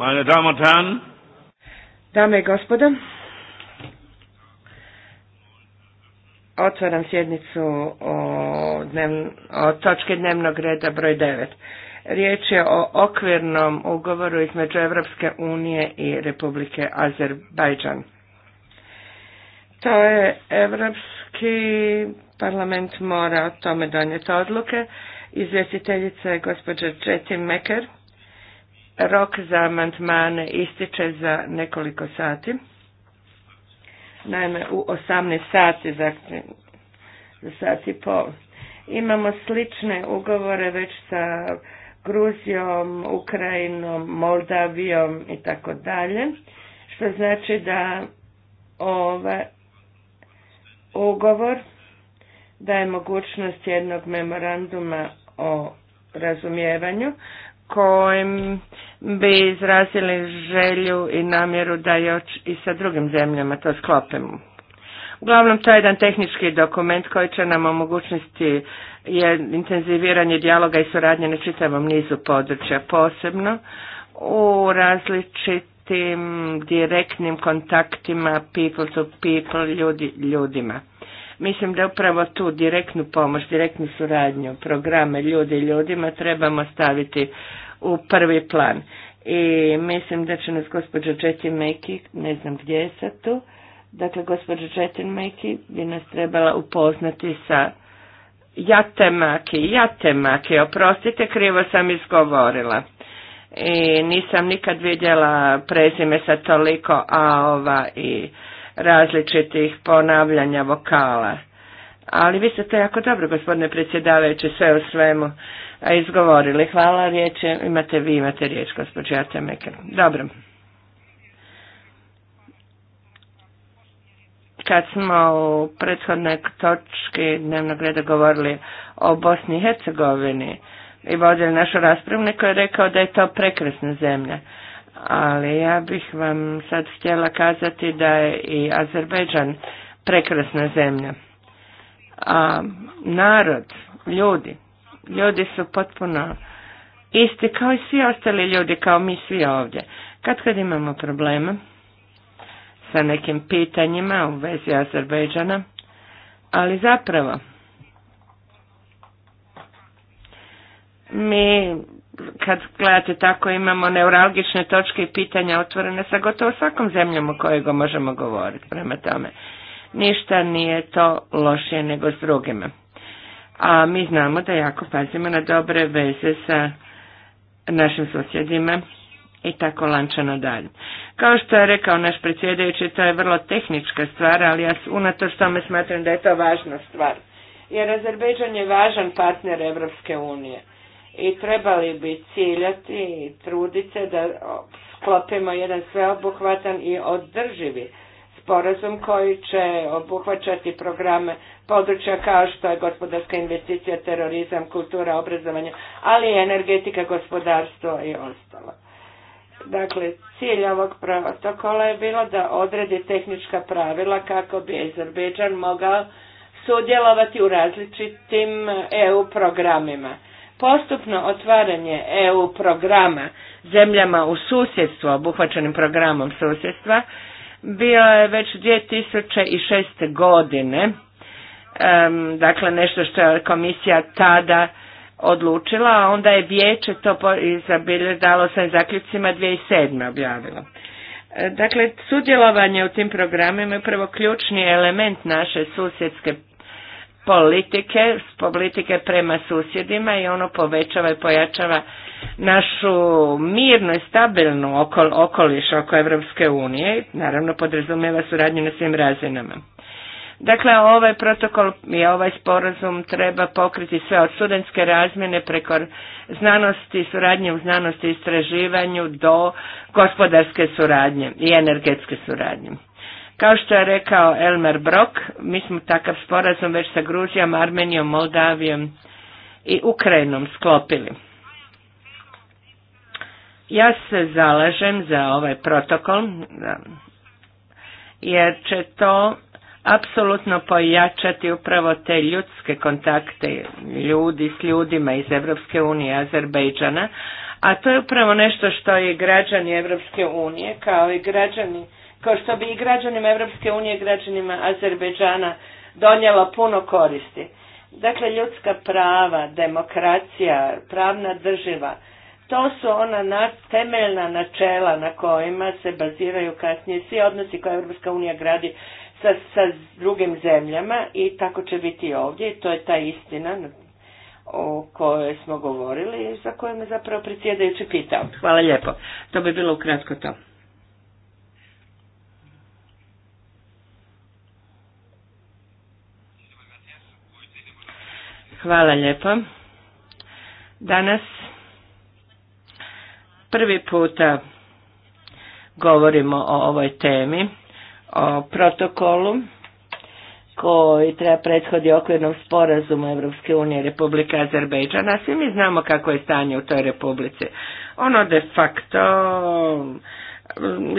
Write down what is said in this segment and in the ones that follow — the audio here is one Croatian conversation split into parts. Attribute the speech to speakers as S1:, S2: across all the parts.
S1: Meine Damen und Dame i gospodo, otvaram sjednicu o, dnev, o točki dnevnog reda broj 9. Riječ je o okvirnom ugovoru između Evropske unije i Republike Azerbajdžan. To je Evropski parlament mora o tome donijeti odluke. Izvjestiteljica je gospođa Četin Meker. Rok za amandmane ističe za nekoliko sati. Naime, u 18 sati, za, dakle, za sat i pol. Imamo slične ugovore već sa Gruzijom, Ukrajinom, Moldavijom i tako dalje. Što znači da ovaj ugovor daje mogućnost jednog memoranduma o razumijevanju, kojim bi izrazili želju i namjeru da još i sa drugim zemljama to sklopimo. Uglavnom to je jedan tehnički dokument koji će nam omogućiti je intenziviranje dijaloga i suradnje na čitavom nizu područja posebno u različitim direktnim kontaktima people to people ljudi ljudima. Mislim da upravo tu direktnu pomoć, direktnu suradnju, programe ljudi i ljudima trebamo staviti u prvi plan. I mislim da će nas gospođa Četin Meki, ne znam gdje je sad tu, dakle gospođa Četin Meki bi nas trebala upoznati sa Jatemaki, Jatemaki, oprostite, krivo sam izgovorila. I nisam nikad vidjela prezime sa toliko A-ova i različitih ponavljanja vokala. Ali vi ste to jako dobro, gospodine predsjedavajući, sve u svemu izgovorili. Hvala, riječ imate vi, imate riječ, gospođo Atemeke. Dobro. Kad smo u prethodnoj točki dnevnog reda govorili o Bosni i Hercegovini i vodili našu raspravu, neko je rekao da je to prekrasna zemlja ali ja bih vam sad htjela kazati da je i Azerbejdžan prekrasna zemlja. A narod, ljudi, ljudi su potpuno isti kao i svi ostali ljudi, kao mi svi ovdje. Kad kad imamo problema sa nekim pitanjima u vezi Azerbejdžana, ali zapravo mi kad gledate tako imamo neuralgične točke i pitanja otvorene sa gotovo svakom zemljom o kojoj go možemo govoriti. Prema tome, ništa nije to lošije nego s drugima. A mi znamo da jako pazimo na dobre veze sa našim susjedima i tako lančano dalje. Kao što je rekao naš predsjedajući, to je vrlo tehnička stvar, ali ja unatoč tome smatram da je to važna stvar. Jer Azerbejdžan je važan partner Evropske unije i trebali bi ciljati i truditi se da sklopimo jedan sveobuhvatan i održivi sporazum koji će obuhvaćati programe područja kao što je gospodarska investicija, terorizam, kultura, obrazovanje, ali i energetika, gospodarstvo i ostalo. Dakle, cilj ovog protokola je bilo da odredi tehnička pravila kako bi Azerbejdžan mogao sudjelovati u različitim EU programima postupno otvaranje EU programa zemljama u susjedstvu, obuhvaćenim programom susjedstva, bio je već 2006. godine, dakle nešto što je komisija tada odlučila, a onda je vijeće to dalo sa zaključcima 2007. objavilo. E, dakle, sudjelovanje u tim programima je prvo ključni element naše susjedske politike, politike prema susjedima i ono povećava i pojačava našu mirnu i stabilnu okol, okoliš oko Evropske unije, naravno podrazumijeva suradnju na svim razinama. Dakle, ovaj protokol i ovaj sporazum treba pokriti sve od studentske razmjene preko znanosti, suradnje u znanosti i istraživanju do gospodarske suradnje i energetske suradnje. Kao što je rekao Elmer Brok, mi smo takav sporazum već sa Gruzijom, Armenijom, Moldavijom i Ukrajinom sklopili. Ja se zalažem za ovaj protokol, jer će to apsolutno pojačati upravo te ljudske kontakte ljudi s ljudima iz Evropske unije Azerbejdžana, a to je upravo nešto što i građani Evropske unije kao i građani kao što bi i građanima Europske unije, građanima Azerbeđana donijela puno koristi. Dakle, ljudska prava, demokracija, pravna država to su ona temeljna načela na kojima se baziraju kasnije svi odnosi koje Europska unija gradi sa, sa drugim zemljama i tako će biti i ovdje i to je ta istina o kojoj smo govorili i za koju me zapravo predsjedajući pitao. Hvala lijepo. To bi bilo ukratko to. Hvala lijepo. Danas prvi puta govorimo o ovoj temi, o protokolu koji treba prethodi okvirnom sporazumu Evropske unije Republike Azerbejdžana. Svi mi znamo kako je stanje u toj republici. Ono de facto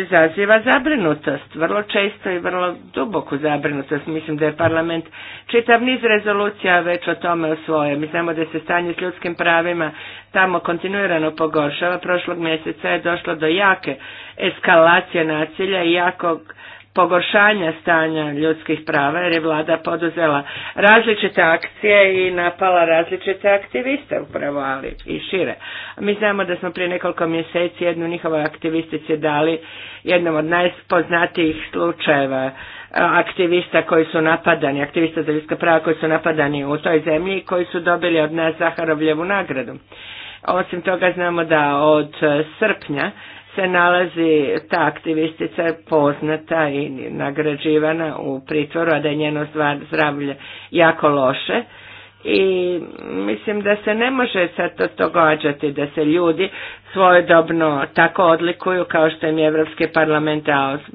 S1: izaziva zabrinutost, vrlo često i vrlo duboku zabrinutost. Mislim da je parlament čitav niz rezolucija već o tome osvoje. Mi znamo da se stanje s ljudskim pravima tamo kontinuirano pogoršava. Prošlog mjeseca je došlo do jake eskalacije nasilja i jakog pogoršanja stanja ljudskih prava jer je vlada poduzela različite akcije i napala različite aktiviste upravo, ali i šire. Mi znamo da smo prije nekoliko mjeseci jednu njihovoj aktivistici dali jednom od najpoznatijih slučajeva e, aktivista koji su napadani, aktivista za ljudska prava koji su napadani u toj zemlji i koji su dobili od nas Zaharovljevu nagradu. Osim toga znamo da od srpnja se nalazi ta aktivistica poznata i nagrađivana u pritvoru, a da je njeno zdravlje jako loše. I mislim da se ne može sad to događati da se ljudi svojedobno tako odlikuju kao što im je Evropski parlament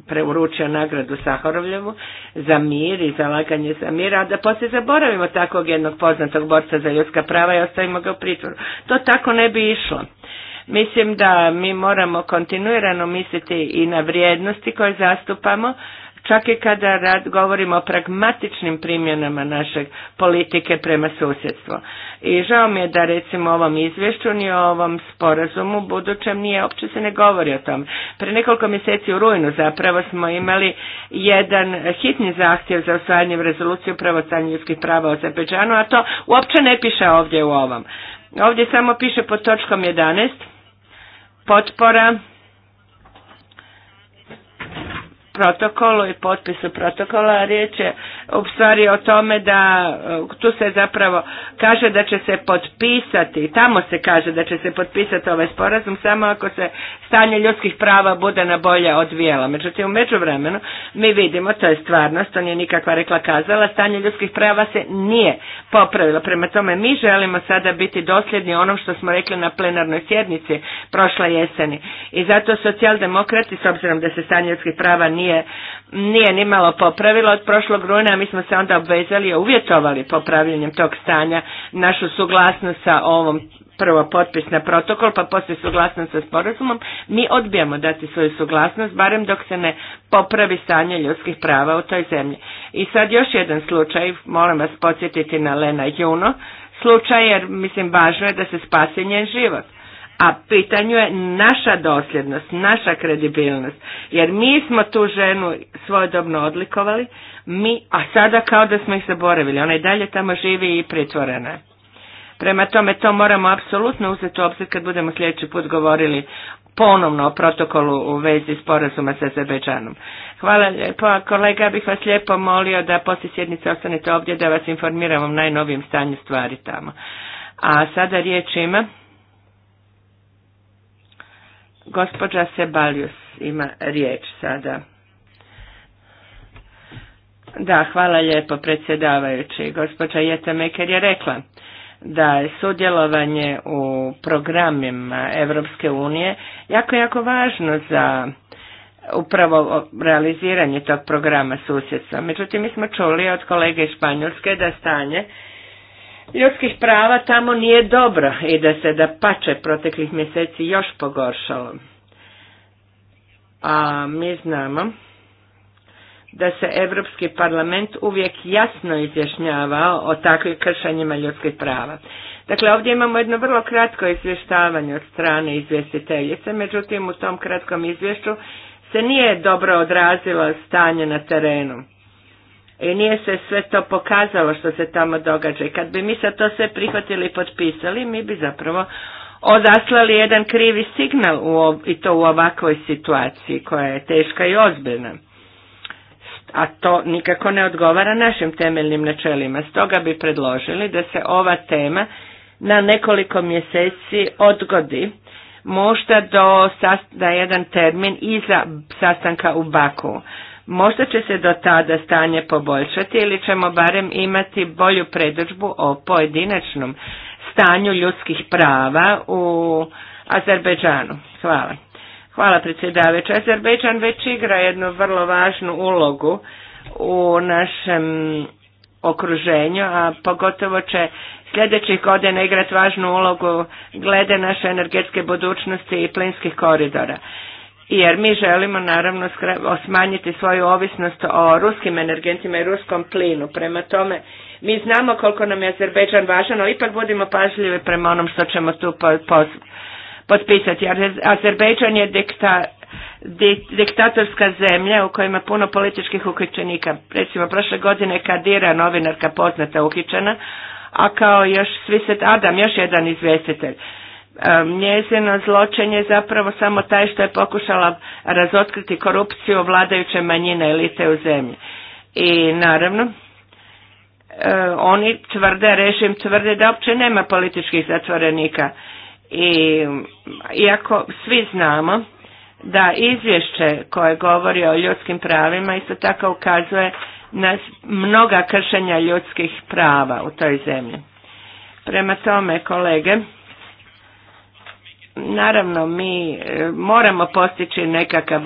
S1: preuručio nagradu Sahorovljevu za mir i zalaganje za mir, a da poslije zaboravimo takvog jednog poznatog borca za ljudska prava i ostavimo ga u pritvoru. To tako ne bi išlo. Mislim da mi moramo kontinuirano misliti i na vrijednosti koje zastupamo, čak i kada rad, govorimo o pragmatičnim primjenama našeg politike prema susjedstvu. I žao mi je da recimo ovom izvješću ni o ovom sporazumu budućem nije, opće se ne govori o tom. Pre nekoliko mjeseci u rujnu zapravo smo imali jedan hitni zahtjev za usvajanjem rezolucije upravo prava o Zabeđanu, a to uopće ne piše ovdje u ovom. Ovdje samo piše pod točkom 11 potpora protokolu i potpisu protokola. Riječ je u stvari o tome da e, tu se zapravo kaže da će se potpisati, tamo se kaže da će se potpisati ovaj sporazum samo ako se stanje ljudskih prava bude na bolje odvijelo. Međutim, u međuvremenu mi vidimo, to je stvarnost, to nije nikakva rekla kazala, stanje ljudskih prava se nije popravilo. Prema tome, mi želimo sada biti dosljedni onom što smo rekli na plenarnoj sjednici prošle jeseni. I zato socijaldemokrati, s obzirom da se stanje ljudskih prava nije nije, nije ni malo popravilo od prošlog rujna, mi smo se onda obvezali i uvjetovali popravljanjem tog stanja našu suglasnost sa ovom prvo potpis na protokol, pa poslije suglasnost sa sporazumom, mi odbijamo dati svoju suglasnost, barem dok se ne popravi stanje ljudskih prava u toj zemlji. I sad još jedan slučaj, molim vas podsjetiti na Lena Juno, slučaj jer mislim važno je da se spasi njen život a pitanju je naša dosljednost, naša kredibilnost, jer mi smo tu ženu svojodobno odlikovali, mi, a sada kao da smo ih zaboravili, ona i dalje tamo živi i pritvorena. Prema tome to moramo apsolutno uzeti u obzir kad budemo sljedeći put govorili ponovno o protokolu u vezi sporazuma sa Azerbejdžanom. Hvala lijepo. Kolega, bih vas lijepo molio da poslije sjednice ostanete ovdje da vas informiram o najnovijem stanju stvari tamo. A sada riječ ima Gospođa Sebaljus ima riječ sada. Da, hvala lijepo predsjedavajući. Gospođa Meker je rekla da je sudjelovanje u programima Europske unije jako, jako važno za upravo realiziranje tog programa susjedstva. Međutim, mi smo čuli od kolege iz Španjolske da stanje ljudskih prava tamo nije dobro i da se da pače proteklih mjeseci još pogoršalo. A mi znamo da se Europski parlament uvijek jasno izjašnjavao o takvim kršanjima ljudskih prava. Dakle, ovdje imamo jedno vrlo kratko izvještavanje od strane izvjestiteljice, međutim u tom kratkom izvješću se nije dobro odrazilo stanje na terenu i nije se sve to pokazalo što se tamo događa. I kad bi mi se to sve prihvatili i potpisali, mi bi zapravo odaslali jedan krivi signal u, i to u ovakvoj situaciji koja je teška i ozbiljna. A to nikako ne odgovara našim temeljnim načelima. Stoga bi predložili da se ova tema na nekoliko mjeseci odgodi, možda do da jedan termin iza sastanka u Baku Možda će se do tada stanje poboljšati ili ćemo barem imati bolju predođbu o pojedinačnom stanju ljudskih prava u Azerbejdžanu. Hvala. Hvala predsjedavajući. Azerbejdžan već igra jednu vrlo važnu ulogu u našem okruženju, a pogotovo će sljedećih godina igrati važnu ulogu glede naše energetske budućnosti i plinskih koridora jer mi želimo naravno smanjiti svoju ovisnost o ruskim energentima i ruskom plinu. Prema tome, mi znamo koliko nam je Azerbejdžan važan, ali ipak budimo pažljivi prema onom što ćemo tu potpisati. Azerbejdžan je dikta, diktatorska zemlja u kojima puno političkih uhićenika. Recimo, prošle godine Kadira, novinarka poznata uhićena, a kao još Sviset Adam, još jedan izvjestitelj. E, njezino zločin je zapravo samo taj što je pokušala razotkriti korupciju vladajuće manjine elite u zemlji. I naravno, e, oni tvrde, režim tvrde da uopće nema političkih zatvorenika. I iako svi znamo da izvješće koje govori o ljudskim pravima isto tako ukazuje na mnoga kršenja ljudskih prava u toj zemlji. Prema tome, kolege, Naravno, mi e, moramo postići nekakav,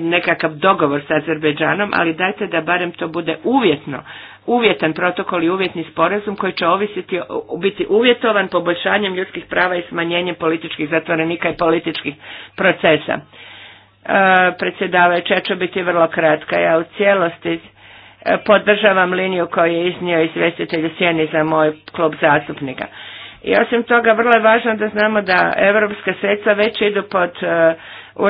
S1: nekakav dogovor sa Azerbeđanom, ali dajte da barem to bude uvjetno, uvjetan protokol i uvjetni sporazum koji će ovisiti, biti uvjetovan poboljšanjem ljudskih prava i smanjenjem političkih zatvorenika i političkih procesa. E, ja ću biti vrlo kratka. Ja u cijelosti e, podržavam liniju koju je iznio izvjestitelj Sjeni za moj klub zastupnika. I osim toga vrlo je važno da znamo da europska sredstva već idu pod e, u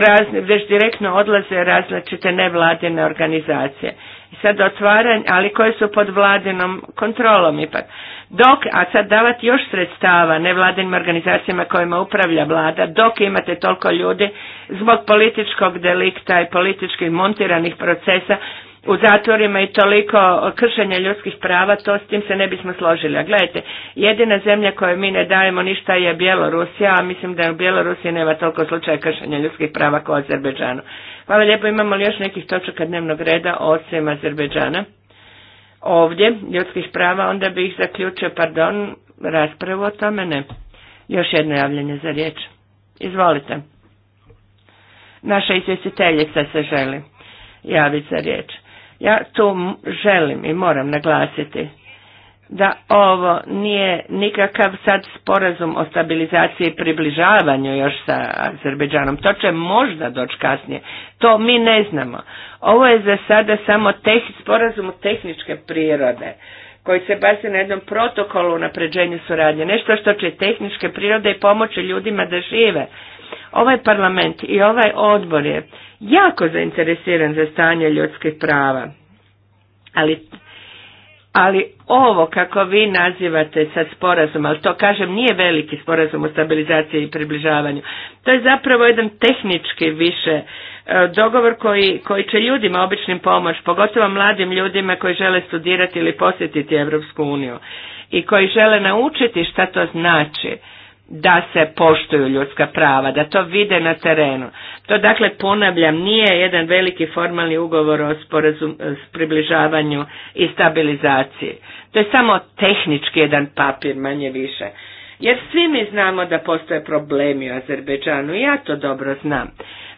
S1: direktno odlaze različite nevladine organizacije. I sad otvaranje, ali koje su pod vladinom kontrolom ipak. Dok, a sad davati još sredstava nevladinim organizacijama kojima upravlja vlada, dok imate toliko ljudi zbog političkog delikta i političkih montiranih procesa u zatvorima i toliko kršenja ljudskih prava, to s tim se ne bismo složili. A gledajte, jedina zemlja kojoj mi ne dajemo ništa je Bjelorusija, a mislim da u Bjelorusiji nema toliko slučaja kršenja ljudskih prava kao u Azerbeđanu. Hvala lijepo, imamo li još nekih točaka dnevnog reda osim Azerbeđana? Ovdje, ljudskih prava, onda bih ih zaključio, pardon, raspravu o tome, ne. Još jedno javljanje za riječ. Izvolite. Naša izvjestiteljica se želi javiti za riječ. Ja tu želim i moram naglasiti da ovo nije nikakav sad sporazum o stabilizaciji i približavanju još sa Azerbeđanom. To će možda doći kasnije. To mi ne znamo. Ovo je za sada samo teh, sporazum tehničke prirode koji se basi na jednom protokolu napređenju suradnje. Nešto što će tehničke prirode i pomoći ljudima da žive. Ovaj parlament i ovaj odbor je jako zainteresiran za stanje ljudskih prava. Ali, ali ovo kako vi nazivate sad sporazum, ali to kažem nije veliki sporazum o stabilizaciji i približavanju, to je zapravo jedan tehnički više e, dogovor koji, koji će ljudima običnim pomoć, pogotovo mladim ljudima koji žele studirati ili posjetiti Europsku uniju i koji žele naučiti šta to znači da se poštuju ljudska prava, da to vide na terenu. To dakle, ponavljam, nije jedan veliki formalni ugovor o sporazum, e, približavanju i stabilizaciji. To je samo tehnički jedan papir, manje više. Jer svi mi znamo da postoje problemi u i ja to dobro znam.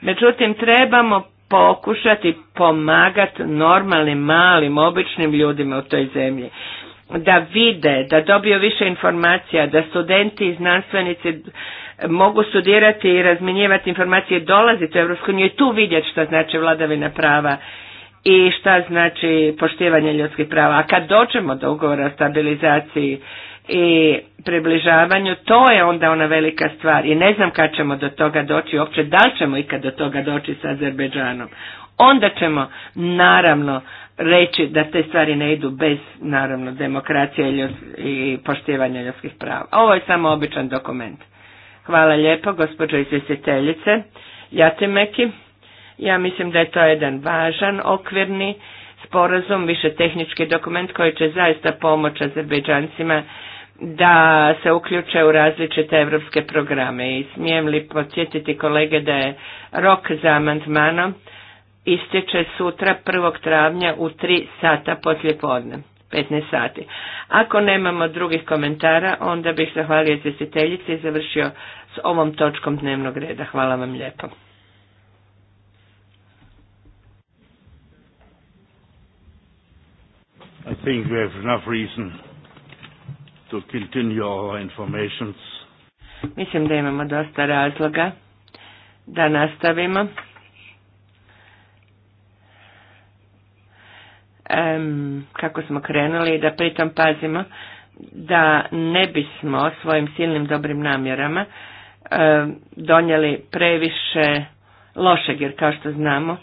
S1: Međutim, trebamo pokušati pomagati normalnim, malim, običnim ljudima u toj zemlji da vide, da dobiju više informacija, da studenti i znanstvenici mogu studirati i razminjivati informacije, dolaziti u Europsku uniju i tu vidjeti što znači vladavina prava i šta znači poštivanje ljudskih prava. A kad dođemo do ugovora o stabilizaciji i približavanju, to je onda ona velika stvar i ne znam kad ćemo do toga doći, uopće da li ćemo ikad do toga doći sa Azerbeđanom. Onda ćemo naravno reći da te stvari ne idu bez, naravno, demokracije i, poštivanja ljudskih prava. Ovo je samo običan dokument. Hvala lijepo, gospođo izvjestiteljice. Jatimeki, ja mislim da je to jedan važan okvirni sporazum, više tehnički dokument koji će zaista pomoći Azerbejdžancima da se uključe u različite evropske programe. I smijem li podsjetiti kolege da je rok za amandmanom Ističe sutra 1. travnja u 3 sata poslje podne. 15 sati. Ako nemamo drugih komentara, onda bih zahvalio izvjestiteljici i završio s ovom točkom dnevnog reda. Hvala vam lijepo.
S2: I think we have enough reason to continue our informations.
S1: Mislim da imamo dosta razloga da nastavimo. kako smo krenuli i da pritom pazimo da ne bismo svojim silnim dobrim namjerama donijeli previše lošeg, jer kao što znamo,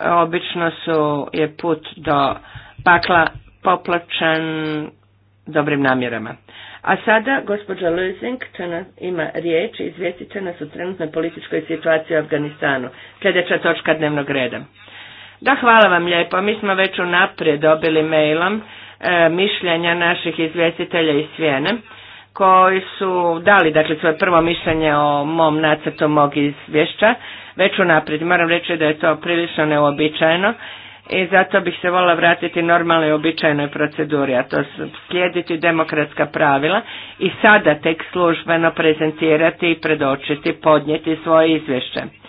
S1: obično su je put do pakla poplačan dobrim namjerama. A sada gospođa Lusing ima riječ i izvjestit će nas o trenutnoj političkoj situaciji u Afganistanu. Sljedeća točka dnevnog reda. Da, hvala vam lijepo. Mi smo već unaprijed dobili mailom e, mišljenja naših izvjestitelja iz Svijene koji su dali dakle svoje prvo mišljenje o mom nacrtu mog izvješća već unaprijed. Moram reći da je to prilično neobičajeno i zato bih se volila vratiti normalnoj i običajnoj proceduri, a to su slijediti demokratska pravila i sada tek službeno prezentirati i predočiti, podnijeti svoje izvješće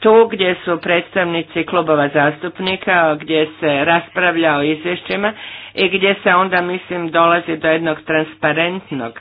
S1: tu gdje su predstavnici klubova zastupnika, gdje se raspravlja o izvješćima i gdje se onda, mislim, dolazi do jednog transparentnog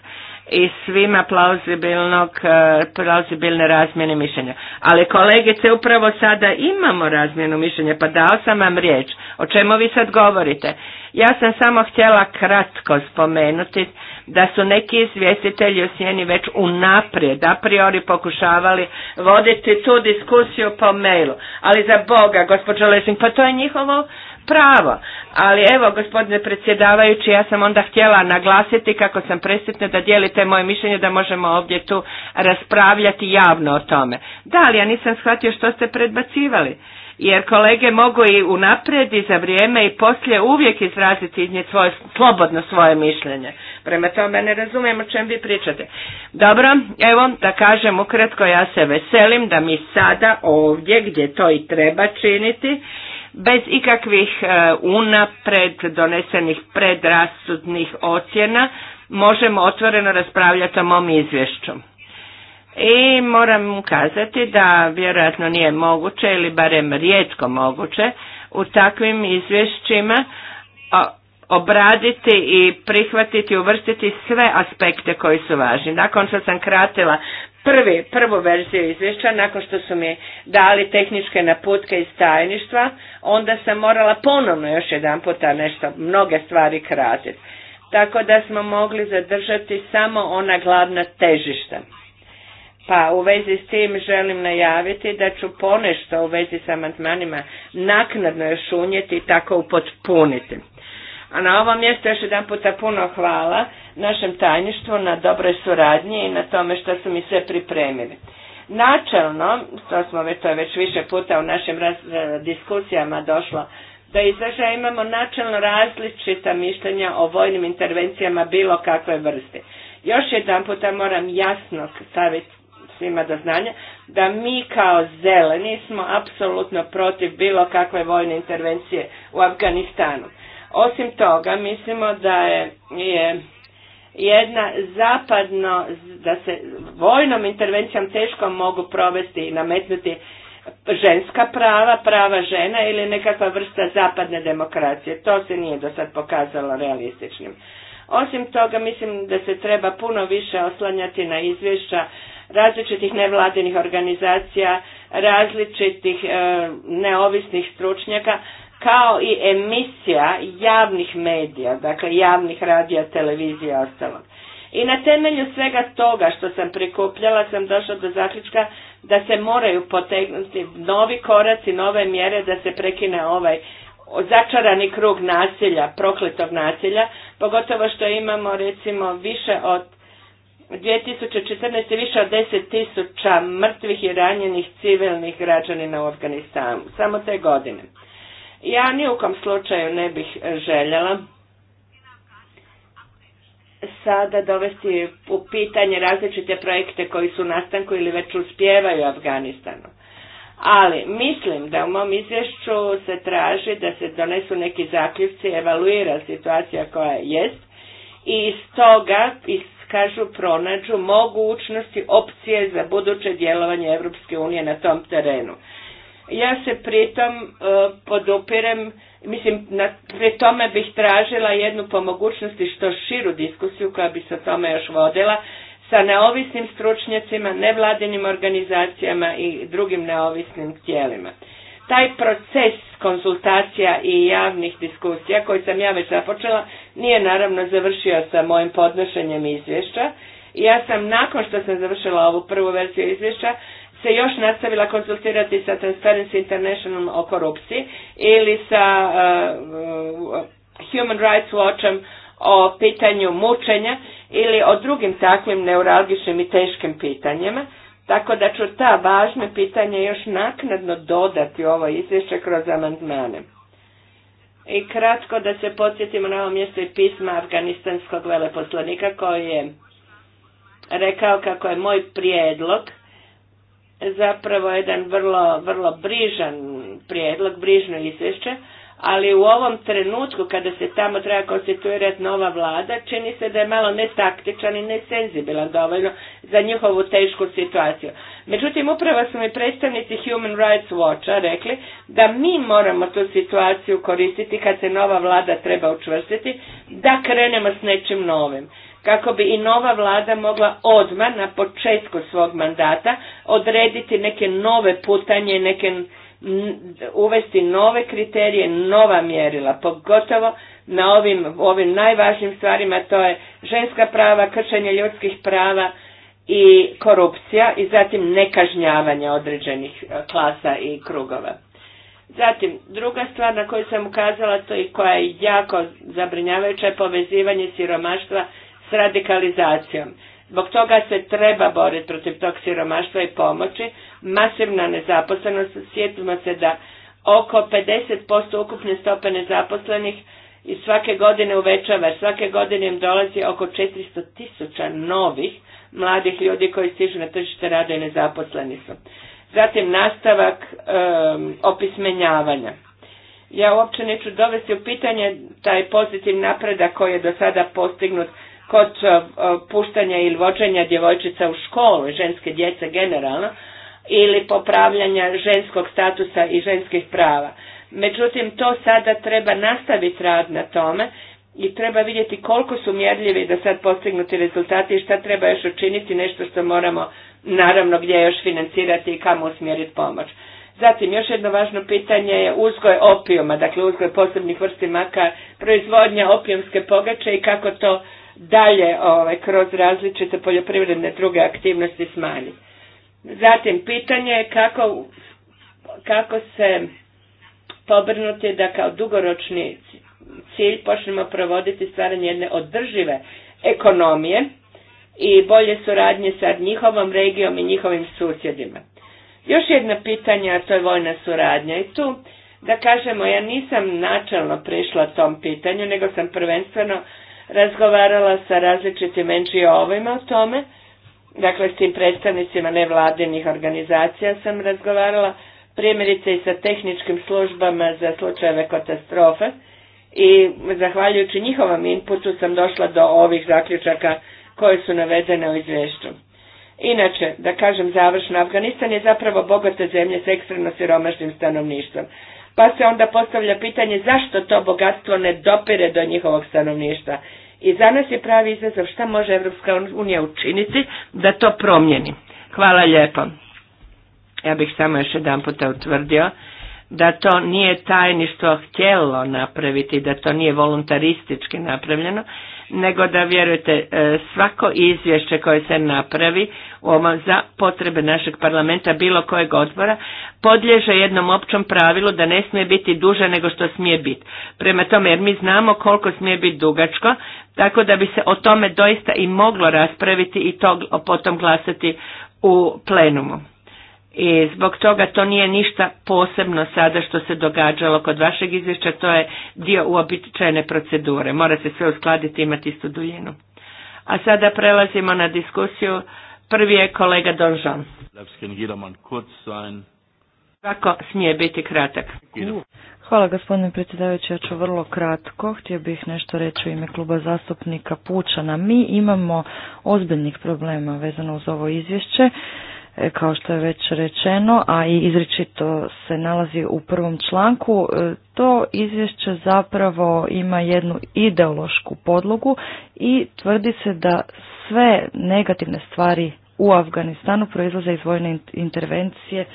S1: i svima plauzibilnog, e, plauzibilne razmjene mišljenja. Ali kolegice, upravo sada imamo razmjenu mišljenja, pa dao sam vam riječ. O čemu vi sad govorite? Ja sam samo htjela kratko spomenuti da su neki izvjestitelji u sjeni već unaprijed, a priori pokušavali voditi tu diskusiju po mailu. Ali za Boga, gospođo Lesing, pa to je njihovo pravo. Ali evo, gospodine predsjedavajući, ja sam onda htjela naglasiti kako sam presjetna da dijelite moje mišljenje da možemo ovdje tu raspravljati javno o tome. Da, ali ja nisam shvatio što ste predbacivali. Jer kolege mogu i unaprijed i za vrijeme i poslije uvijek izraziti iznijeti svoje, slobodno svoje mišljenje. Prema tome ne razumijem o čem vi pričate. Dobro, evo da kažem ukratko ja se veselim da mi sada ovdje gdje to i treba činiti bez ikakvih e, unapred donesenih predrasudnih ocjena možemo otvoreno raspravljati o mom izvješću. I moram ukazati da vjerojatno nije moguće ili barem rijetko moguće u takvim izvješćima obraditi i prihvatiti, uvrstiti sve aspekte koji su važni. Nakon što sam kratila prvi, prvu verziju izvješća, nakon što su mi dali tehničke naputke iz tajništva, onda sam morala ponovno još jedan puta nešto, mnoge stvari kratiti. Tako da smo mogli zadržati samo ona glavna težišta. Pa u vezi s tim želim najaviti da ću ponešto u vezi s amandmanima naknadno još unijeti i tako upotpuniti. A na ovom mjestu još jedan puta puno hvala našem tajništvu na dobroj suradnji i na tome što su mi sve pripremili. Načelno, to, smo, to je već više puta u našim e, diskusijama došlo da izražaja, imamo načelno različita mišljenja o vojnim intervencijama bilo kakve vrste. Još jedan puta moram jasno staviti svima do znanja da mi kao zeleni smo apsolutno protiv bilo kakve vojne intervencije u Afganistanu. Osim toga, mislimo da je, je jedna zapadno, da se vojnom intervencijom teško mogu provesti i nametnuti ženska prava, prava žena ili nekakva vrsta zapadne demokracije. To se nije do sad pokazalo realističnim. Osim toga, mislim da se treba puno više oslanjati na izvješća različitih nevladinih organizacija, različitih e, neovisnih stručnjaka kao i emisija javnih medija, dakle javnih radija, televizija i ostalog. I na temelju svega toga što sam prikupljala sam došla do zaključka da se moraju potegnuti novi koraci, nove mjere da se prekine ovaj začarani krug nasilja, prokletog nasilja, pogotovo što imamo recimo više od 2014. više od 10.000 mrtvih i ranjenih civilnih građanina u Afganistanu, samo te godine. Ja ni u kom slučaju ne bih željela sada dovesti u pitanje različite projekte koji su u nastanku ili već uspjevaju Afganistanu. Ali mislim da u mom izvješću se traži da se donesu neki zaključci, evaluira situacija koja jest i iz toga iskažu, pronađu mogućnosti, opcije za buduće djelovanje Europske unije na tom terenu. Ja se pritom e, podupirem, mislim, pri tome bih tražila jednu po mogućnosti što širu diskusiju koja bi se o tome još vodila sa neovisnim stručnjacima, nevladinim organizacijama i drugim neovisnim tijelima. Taj proces konsultacija i javnih diskusija koji sam ja već započela nije naravno završio sa mojim podnošenjem izvješća. Ja sam nakon što sam završila ovu prvu verziju izvješća se još nastavila konzultirati sa Transparency International o korupciji ili sa eh, Human Rights Watchom o pitanju mučenja ili o drugim takvim neuralgičnim i teškim pitanjima. Tako da ću ta važna pitanja još naknadno dodati u ovo izvješće kroz amandmane. I kratko da se podsjetimo na ovo mjesto i pisma afganistanskog veleposlanika koji je rekao kako je moj prijedlog zapravo jedan vrlo, vrlo brižan prijedlog, brižno izvješće, ali u ovom trenutku kada se tamo treba konstituirati nova vlada, čini se da je malo netaktičan i nesenzibilan dovoljno za njihovu tešku situaciju. Međutim, upravo su mi predstavnici Human Rights Watcha rekli da mi moramo tu situaciju koristiti kad se nova vlada treba učvrstiti, da krenemo s nečim novim kako bi i nova vlada mogla odmah na početku svog mandata odrediti neke nove putanje, neke uvesti nove kriterije, nova mjerila, pogotovo na ovim, ovim najvažnijim stvarima, to je ženska prava, kršenje ljudskih prava i korupcija i zatim nekažnjavanje određenih e, klasa i krugova. Zatim, druga stvar na koju sam ukazala, to i koja je jako zabrinjavajuća, je povezivanje siromaštva s radikalizacijom. Zbog toga se treba boriti protiv tog siromaštva i pomoći. Masivna nezaposlenost, sjetimo se da oko 50% ukupne stope nezaposlenih i svake godine uvečava. svake godine im dolazi oko 400 tisuća novih mladih ljudi koji stižu na tržište rada i nezaposleni su. Zatim nastavak opismenjavanja. Ja uopće neću dovesti u pitanje taj pozitiv napredak koji je do sada postignut kod e, puštanja ili vođenja djevojčica u školu, i ženske djece generalno, ili popravljanja ženskog statusa i ženskih prava. Međutim, to sada treba nastaviti rad na tome i treba vidjeti koliko su mjerljivi da sad postignuti rezultati i šta treba još učiniti, nešto što moramo naravno gdje još financirati i kamo usmjeriti pomoć. Zatim, još jedno važno pitanje je uzgoj opijuma, dakle uzgoj posebnih vrsti maka, proizvodnja opijumske pogače i kako to dalje ovaj, kroz različite poljoprivredne druge aktivnosti smanji. Zatim, pitanje je kako, kako se pobrnuti da kao dugoročni cilj počnemo provoditi stvaranje jedne održive ekonomije i bolje suradnje sa njihovom regijom i njihovim susjedima. Još jedno pitanje, a to je vojna suradnja. I tu, da kažemo, ja nisam načelno prišla tom pitanju, nego sam prvenstveno razgovarala sa različitim NGO-ovima o tome, dakle s tim predstavnicima nevladinih organizacija sam razgovarala, primjerice i sa tehničkim službama za slučajeve katastrofe i zahvaljujući njihovom inputu sam došla do ovih zaključaka koje su navedene u izvješću. Inače, da kažem završno, Afganistan je zapravo bogata zemlja s ekstremno siromašnim stanovništvom pa se onda postavlja pitanje zašto to bogatstvo ne dopire do njihovog stanovništva. I za nas je pravi izazov šta može Evropska unija učiniti da to promijeni. Hvala lijepo. Ja bih samo još jedan puta utvrdio da to nije tajništvo htjelo napraviti, da to nije voluntaristički napravljeno, nego da vjerujete e, svako izvješće koje se napravi za potrebe našeg parlamenta bilo kojeg odbora podliježe jednom općom pravilu da ne smije biti duže nego što smije biti. Prema tome jer mi znamo koliko smije biti dugačko tako da bi se o tome doista i moglo raspraviti i to potom glasati u plenumu i zbog toga to nije ništa posebno sada što se događalo kod vašeg izvješća, to je dio uobičajene procedure. Mora se sve uskladiti i imati istu duljinu. A sada prelazimo na diskusiju. Prvi je kolega Donžan. Kako smije biti kratak?
S3: Hvala gospodine predsjedavajući, ja ću vrlo kratko. Htio bih nešto reći u ime kluba zastupnika Pučana. Mi imamo ozbiljnih problema vezano uz ovo izvješće. E, kao što je već rečeno, a i izričito se nalazi u prvom članku, e, to izvješće zapravo ima jednu ideološku podlogu i tvrdi se da sve negativne stvari u Afganistanu proizlaze iz vojne intervencije e,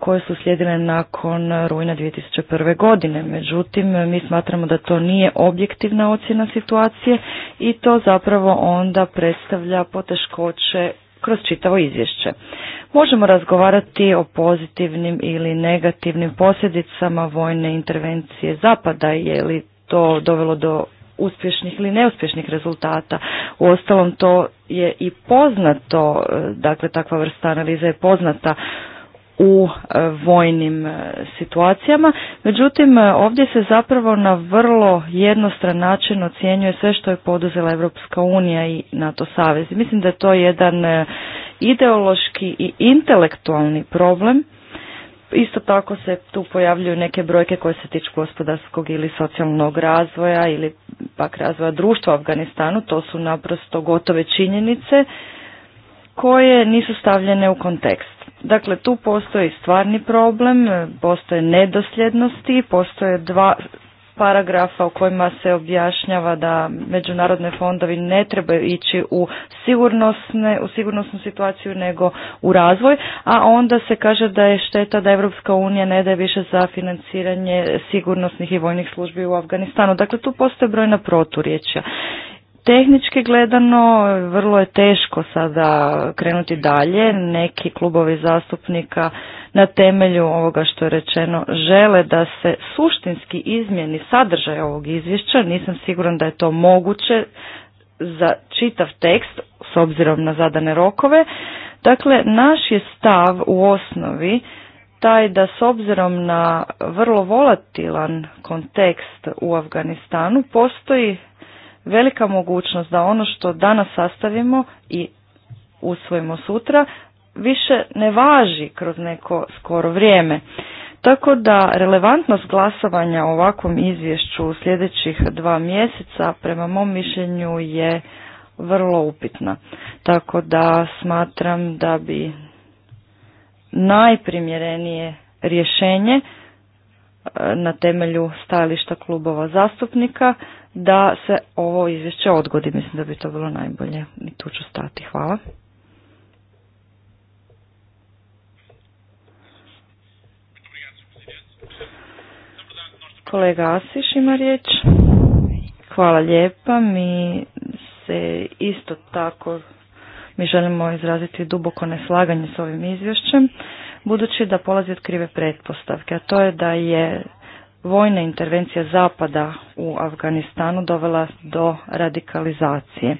S3: koje su slijedile nakon rujna 2001. godine. Međutim, mi smatramo da to nije objektivna ocjena situacije i to zapravo onda predstavlja poteškoće kroz čitavo izvješće. Možemo razgovarati o pozitivnim ili negativnim posljedicama vojne intervencije Zapada, je li to dovelo do uspješnih ili neuspješnih rezultata. Uostalom to je i poznato, e, dakle takva vrsta analiza je poznata u e, vojnim e, situacijama. Međutim, e, ovdje se zapravo na vrlo jednostran način ocjenjuje sve što je poduzela Europska unija i NATO savez. Mislim da je to jedan ideološki i intelektualni problem. Isto tako se tu pojavljuju neke brojke koje se tiču gospodarskog ili socijalnog razvoja ili pak razvoja društva u Afganistanu. To su naprosto gotove činjenice koje nisu stavljene u kontekst. Dakle, tu postoji stvarni problem, postoje nedosljednosti, postoje dva paragrafa u kojima se objašnjava da međunarodne fondovi ne trebaju ići u, sigurnosne, u sigurnosnu situaciju nego u razvoj, a onda se kaže da je šteta da Evropska unija ne daje više za financiranje sigurnosnih i vojnih službi u Afganistanu. Dakle, tu postoje brojna proturječja. Tehnički gledano vrlo je teško sada krenuti dalje. Neki klubovi zastupnika na temelju ovoga što je rečeno žele da se suštinski izmjeni sadržaj ovog izvješća. Nisam siguran da je to moguće za čitav tekst s obzirom na zadane rokove. Dakle, naš je stav u osnovi taj da s obzirom na vrlo volatilan kontekst u Afganistanu postoji velika mogućnost da ono što danas sastavimo i usvojimo sutra više ne važi kroz neko skoro vrijeme. Tako da relevantnost glasovanja o ovakvom izvješću u sljedećih dva mjeseca prema mom mišljenju je vrlo upitna. Tako da smatram da bi najprimjerenije rješenje e, na temelju stajališta klubova zastupnika da se ovo izvješće odgodi. Mislim da bi to bilo najbolje i tu ću stati. Hvala. Kolega Asiš ima riječ. Hvala lijepa. Mi se isto tako mi želimo izraziti duboko neslaganje s ovim izvješćem, budući da polazi od krive pretpostavke, a to je da je vojna intervencija Zapada u Afganistanu dovela do radikalizacije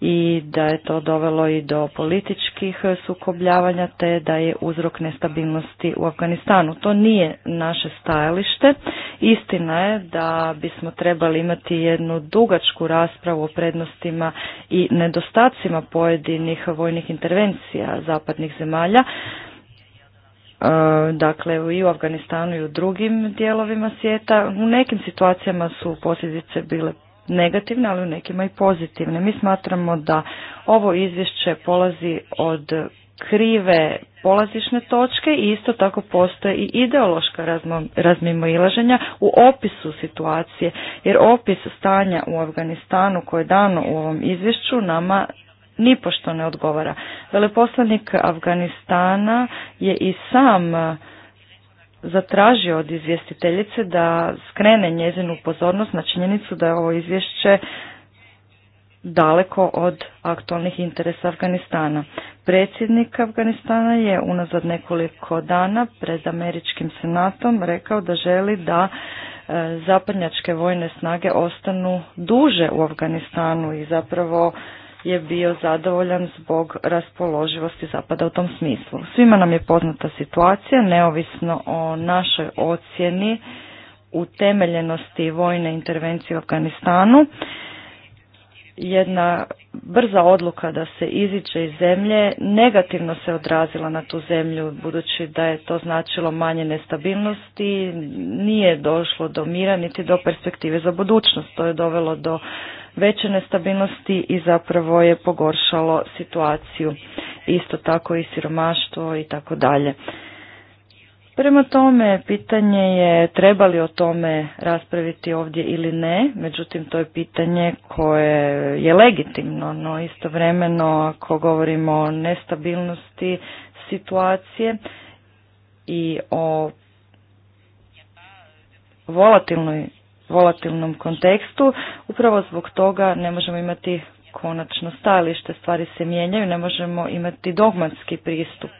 S3: i da je to dovelo i do političkih sukobljavanja te da je uzrok nestabilnosti u Afganistanu. To nije naše stajalište. Istina je da bismo trebali imati jednu dugačku raspravu o prednostima i nedostacima pojedinih vojnih intervencija zapadnih zemalja, E, dakle i u Afganistanu i u drugim dijelovima svijeta. U nekim situacijama su posljedice bile negativne, ali u nekima i pozitivne. Mi smatramo da ovo izvješće polazi od krive polazišne točke i isto tako postoje i ideološka razmimoilaženja u opisu situacije, jer opis stanja u Afganistanu koje je dano u ovom izvješću nama nipošto ne odgovara. Veleposlanik Afganistana je i sam e, zatražio od izvjestiteljice da skrene njezinu pozornost na činjenicu da je ovo izvješće daleko od aktualnih interesa Afganistana. Predsjednik Afganistana je unazad nekoliko dana pred američkim senatom rekao da želi da e, zapadnjačke vojne snage ostanu duže u Afganistanu i zapravo je bio zadovoljan zbog raspoloživosti zapada u tom smislu. Svima nam je poznata situacija, neovisno o našoj ocjeni utemeljenosti vojne intervencije u Afganistanu. Jedna brza odluka da se iziđe iz zemlje negativno se odrazila na tu zemlju budući da je to značilo manje nestabilnosti, nije došlo do mira niti do perspektive za budućnost. To je dovelo do veće nestabilnosti i zapravo je pogoršalo situaciju. Isto tako i siromaštvo i tako dalje. Prema tome, pitanje je treba li o tome raspraviti ovdje ili ne, međutim to je pitanje koje je legitimno, no istovremeno ako govorimo o nestabilnosti situacije i o volatilnoj volatilnom kontekstu. Upravo zbog toga ne možemo imati konačno stajalište, stvari se mijenjaju, ne možemo imati dogmatski pristup.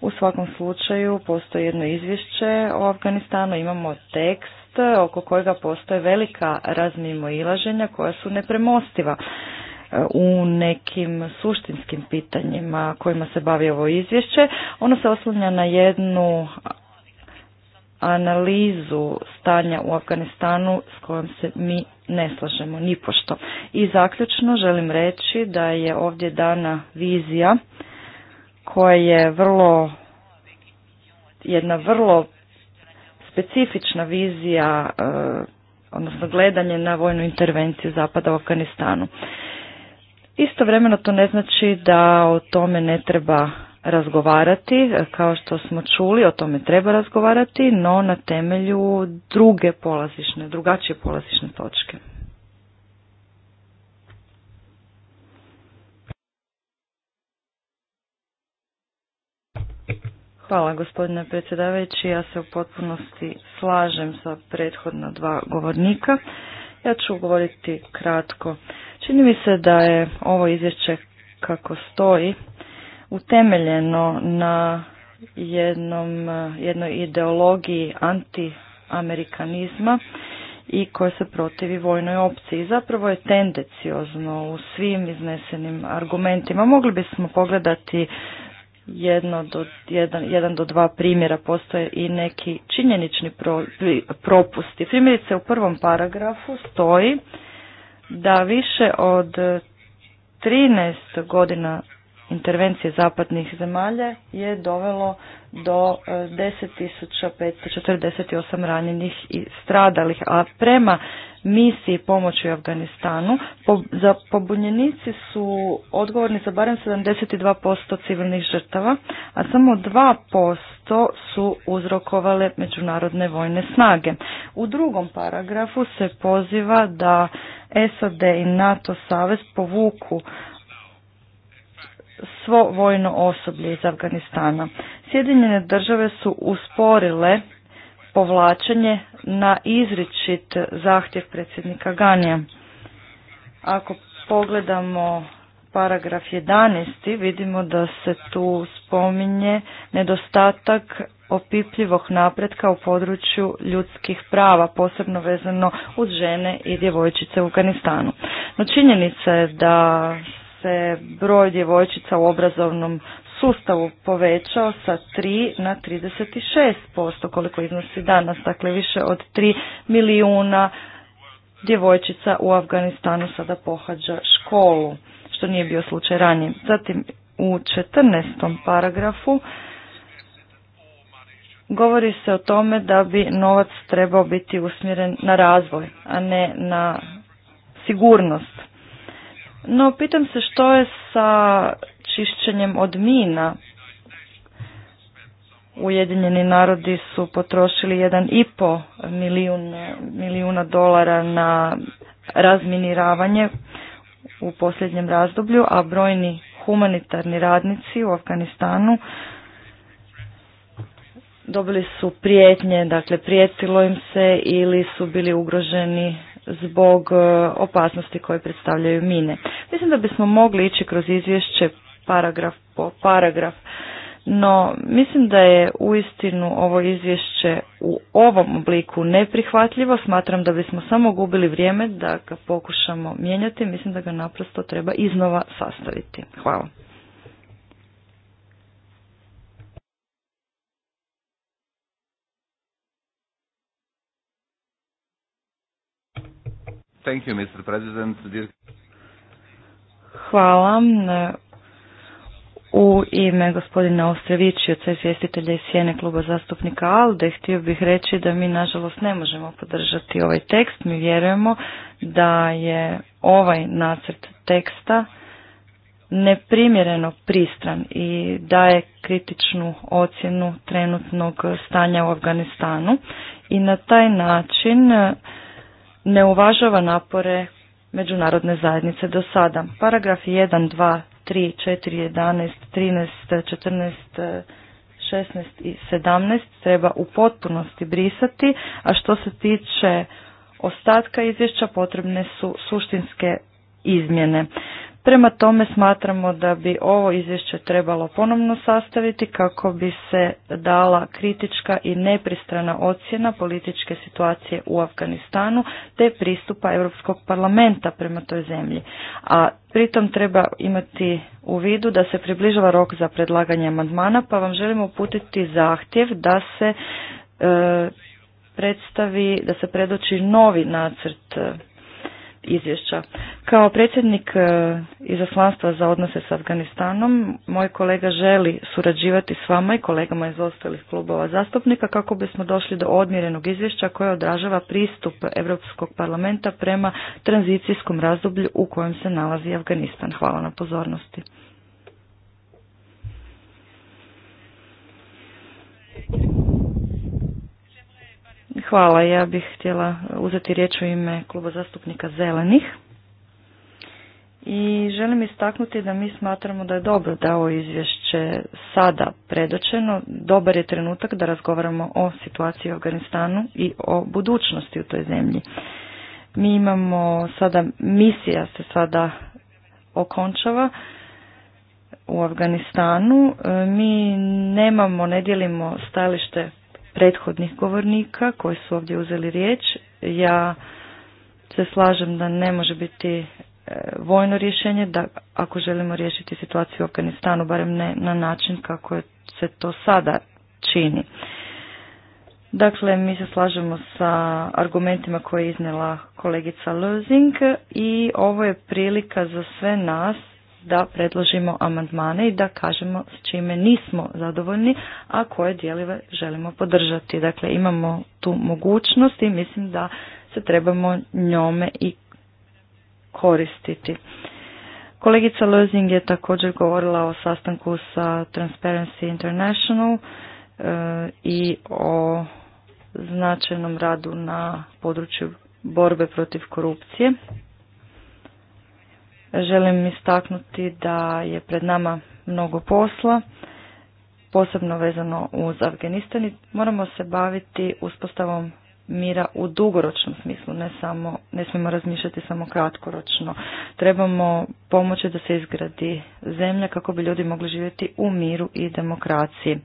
S3: U svakom slučaju postoji jedno izvješće o Afganistanu, imamo tekst oko kojega postoje velika razmimo ilaženja koja su nepremostiva u nekim suštinskim pitanjima kojima se bavi ovo izvješće. Ono se oslanja na jednu analizu stanja u Afganistanu s kojom se mi ne slažemo nipošto. I zaključno želim reći da je ovdje dana vizija koja je vrlo jedna vrlo specifična vizija e, odnosno gledanje na vojnu intervenciju zapada u Afganistanu. Istovremeno to ne znači da o tome ne treba razgovarati, kao što smo čuli, o tome treba razgovarati, no na temelju druge polazišne, drugačije polazišne točke. Hvala gospodine predsjedavajući, ja se u potpunosti slažem sa prethodna dva govornika. Ja ću govoriti kratko. Čini mi se da je ovo izvješće kako stoji utemeljeno na jednom, jednoj ideologiji antiamerikanizma i koje se protivi vojnoj opciji. Zapravo je tendenciozno u svim iznesenim argumentima. Mogli bismo pogledati jedno do, jedan, jedan do dva primjera. Postoje i neki činjenični propusti. Primjerice u prvom paragrafu stoji da više od 13 godina intervencije zapadnih zemalja je dovelo do 10.548 e, ranjenih i stradalih, a prema misiji pomoći u Afganistanu za pobunjenici su odgovorni za barem 72% civilnih žrtava, a samo 2% su uzrokovale međunarodne vojne snage. U drugom paragrafu se poziva da SAD i NATO savez povuku svo vojno osoblje iz Afganistana. Sjedinjene države su usporile povlačenje na izričit zahtjev predsjednika Ganija. Ako pogledamo paragraf 11. vidimo da se tu spominje nedostatak opipljivog napretka u području ljudskih prava, posebno vezano uz žene i djevojčice u Afganistanu. No činjenica je da se broj djevojčica u obrazovnom sustavu povećao sa 3 na 36%, koliko iznosi danas, dakle više od 3 milijuna djevojčica u Afganistanu sada pohađa školu, što nije bio slučaj ranije. Zatim u 14. paragrafu govori se o tome da bi novac trebao biti usmjeren na razvoj, a ne na sigurnost. No, pitam se što je sa čišćenjem od mina. Ujedinjeni narodi su potrošili 1,5 milijuna dolara na razminiravanje u posljednjem razdoblju, a brojni humanitarni radnici u Afganistanu dobili su prijetnje, dakle prijetilo im se ili su bili ugroženi zbog e, opasnosti koje predstavljaju mine. Mislim da bismo mogli ići kroz izvješće paragraf po paragraf, no mislim da je uistinu ovo izvješće u ovom obliku neprihvatljivo. Smatram da bismo samo gubili vrijeme da ga pokušamo mijenjati. Mislim da ga naprosto treba iznova sastaviti. Hvala. Thank you, Mr. President. Hvala. U ime gospodina Ostrevićioca, izvjestitelja iz Sjene kluba zastupnika ALDE, htio bih reći da mi nažalost ne možemo podržati ovaj tekst. Mi vjerujemo da je ovaj nacrt teksta neprimjereno pristran i daje kritičnu ocjenu trenutnog stanja u Afganistanu i na taj način ne uvažava napore međunarodne zajednice do sada. Paragraf 1, 2, 3, 4, 11, 13, 14, 16 i 17 treba u potpunosti brisati, a što se tiče ostatka izvješća potrebne su suštinske izmjene. Prema tome smatramo da bi ovo izvješće trebalo ponovno sastaviti kako bi se dala kritička i nepristrana ocjena političke situacije u Afganistanu te pristupa Europskog parlamenta prema toj zemlji. A pritom treba imati u vidu da se približava rok za predlaganje amandmana pa vam želimo uputiti zahtjev da se e, predstavi, da se predoči novi nacrt izvješća. Kao predsjednik e, izaslanstva za odnose s Afganistanom, moj kolega želi surađivati s vama i kolegama iz ostalih klubova zastupnika kako bismo došli do odmjerenog izvješća koje odražava pristup Europskog parlamenta prema tranzicijskom razdoblju u kojem se nalazi Afganistan. Hvala na pozornosti. Hvala. Ja bih htjela uzeti riječ u ime kluba zastupnika Zelenih. I želim istaknuti da mi smatramo da je dobro da ovo izvješće sada predočeno. Dobar je trenutak da razgovaramo o situaciji u Afganistanu i o budućnosti u toj zemlji. Mi imamo sada, misija se sada okončava u Afganistanu. E, mi nemamo, ne dijelimo stajalište prethodnih govornika koji su ovdje uzeli riječ. Ja se slažem da ne može biti e, vojno rješenje, da ako želimo riješiti situaciju u Afganistanu, barem ne na način kako se to sada čini. Dakle, mi se slažemo sa argumentima koje je iznijela kolegica Lozing i ovo je prilika za sve nas da predložimo amandmane i da kažemo s čime nismo zadovoljni, a koje dijelive želimo podržati. Dakle, imamo tu mogućnost i mislim da se trebamo njome i koristiti. Kolegica Lozing je također govorila o sastanku sa Transparency International e, i o značajnom radu na području borbe protiv korupcije. Želim istaknuti da je pred nama mnogo posla, posebno vezano uz Afganistan i moramo se baviti uspostavom mira u dugoročnom smislu, ne samo, ne smijemo razmišljati samo kratkoročno. Trebamo pomoći da se izgradi zemlja kako bi ljudi mogli živjeti u miru i demokraciji.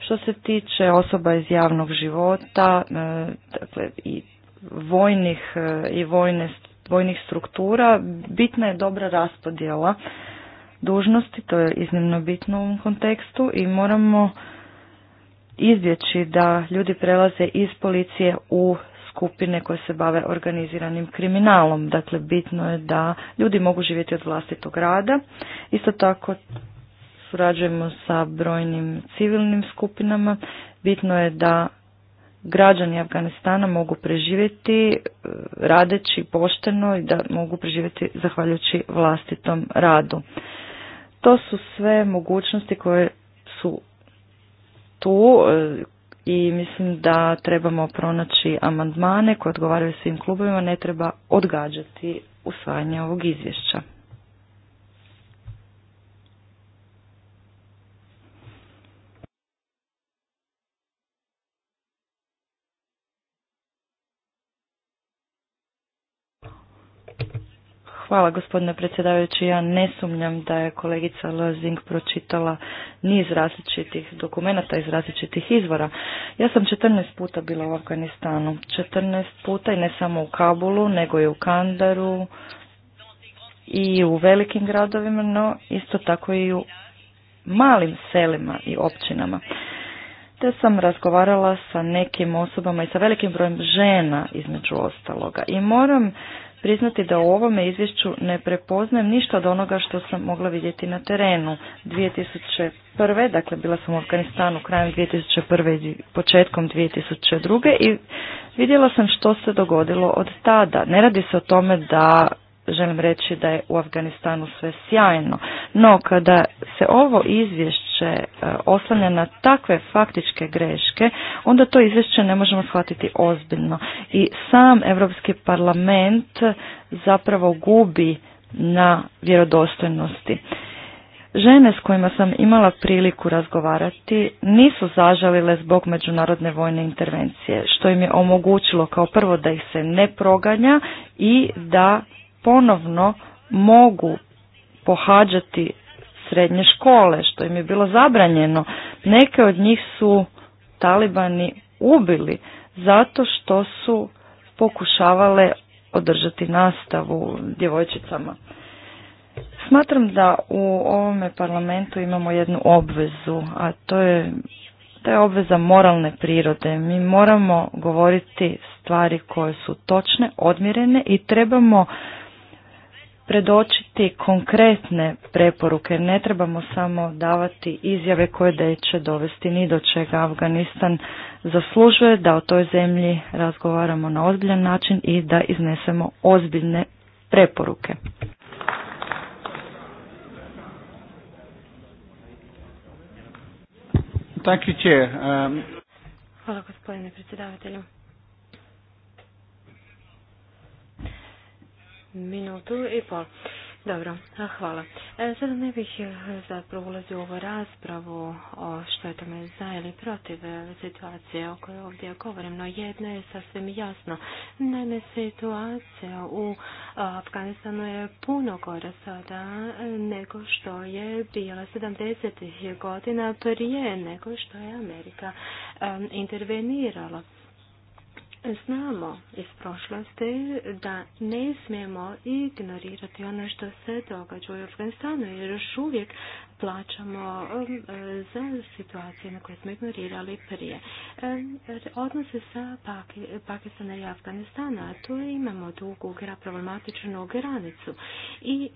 S3: Što se tiče osoba iz javnog života, e, dakle i vojnih e, i vojne vojnih struktura, bitna je dobra raspodjela dužnosti, to je iznimno bitno u ovom kontekstu i moramo izbjeći da ljudi prelaze iz policije u skupine koje se bave organiziranim kriminalom. Dakle, bitno je da ljudi mogu živjeti od vlastitog rada. Isto tako surađujemo sa brojnim civilnim skupinama. Bitno je da građani Afganistana mogu preživjeti e, radeći pošteno i da mogu preživjeti zahvaljujući vlastitom radu. To su sve mogućnosti koje su tu e, i mislim da trebamo pronaći amandmane koje odgovaraju svim klubovima, ne treba odgađati usvajanje ovog izvješća. Hvala gospodine predsjedavajući. Ja ne sumnjam da je kolegica Lozing pročitala niz različitih dokumenata iz različitih izvora. Ja sam 14 puta bila u Afganistanu. 14 puta i ne samo u Kabulu, nego i u Kandaru i u velikim gradovima, no isto tako i u malim selima i općinama te sam razgovarala sa nekim osobama i sa velikim brojem žena između ostaloga. I moram priznati da u ovome izvješću ne prepoznajem ništa od onoga što sam mogla vidjeti na terenu. 2001. dakle bila sam u Afganistanu krajem 2001. i početkom 2002. i vidjela sam što se dogodilo od tada. Ne radi se o tome da želim reći da je u Afganistanu sve sjajno. No, kada se ovo izvješće e, oslanja na takve faktičke greške, onda to izvješće ne možemo shvatiti ozbiljno. I sam Europski parlament zapravo gubi na vjerodostojnosti. Žene s kojima sam imala priliku razgovarati nisu zažalile zbog međunarodne vojne intervencije, što im je omogućilo kao prvo da ih se ne proganja i da ponovno mogu pohađati srednje škole, što im je bilo zabranjeno. Neke od njih su talibani ubili zato što su pokušavale održati nastavu djevojčicama. Smatram da u ovome parlamentu imamo jednu obvezu, a to je ta je obveza moralne prirode. Mi moramo govoriti stvari koje su točne, odmjerene i trebamo predočiti konkretne preporuke. Ne trebamo samo davati izjave koje da će dovesti ni do čega. Afganistan zaslužuje da o toj zemlji razgovaramo na ozbiljan način i da iznesemo ozbiljne preporuke.
S2: Um, Hvala gospodine predsjedavatelju. minutu i pol. Dobro, hvala. E, sada ne bih e, zapravo ulazio u ovu raspravu o što je tome za ili protiv e, situacije o kojoj ovdje govorim, no jedno je sasvim jasno. Naime, situacija u Afganistanu je puno gora sada nego što je bila 70. godina prije nego što je Amerika intervenirala. Znamo iz prošlosti da ne smijemo ignorirati ono što se događa u Afganistanu jer još uvijek plaćamo um, e, za situacije na koje smo ignorirali prije. Um, e, odnosi sa Pakistana i Afganistana, tu imamo dugu problematičnu granicu i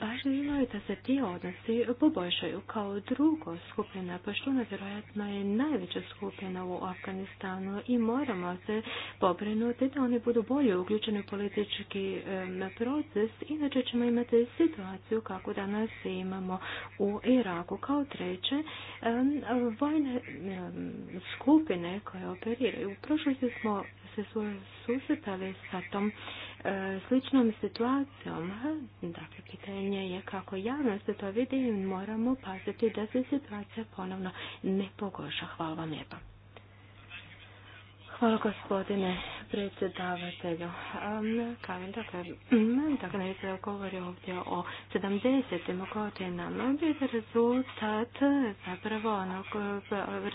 S2: važno e, je da se ti odnosi poboljšaju. Kao drugo skupina poštuna vjerojatno je najveća skupina u Afganistanu i moramo se pobrinuti da oni budu bolje uključeni u politički proces, inače ćemo imati situaciju kako danas imamo u Iraku. Kao treće, vojne skupine koje operiraju. U prošlosti smo se susretali sa tom e, sličnom situacijom. Dakle, pitanje je kako javnost to vidi i moramo paziti da se situacija ponovno ne pogoša. Hvala vam lijepa. Hvala gospodine predsjedavatelju. Um, dakle, dakle, ne se govori ovdje o 70. godinama, bi rezultat zapravo onog,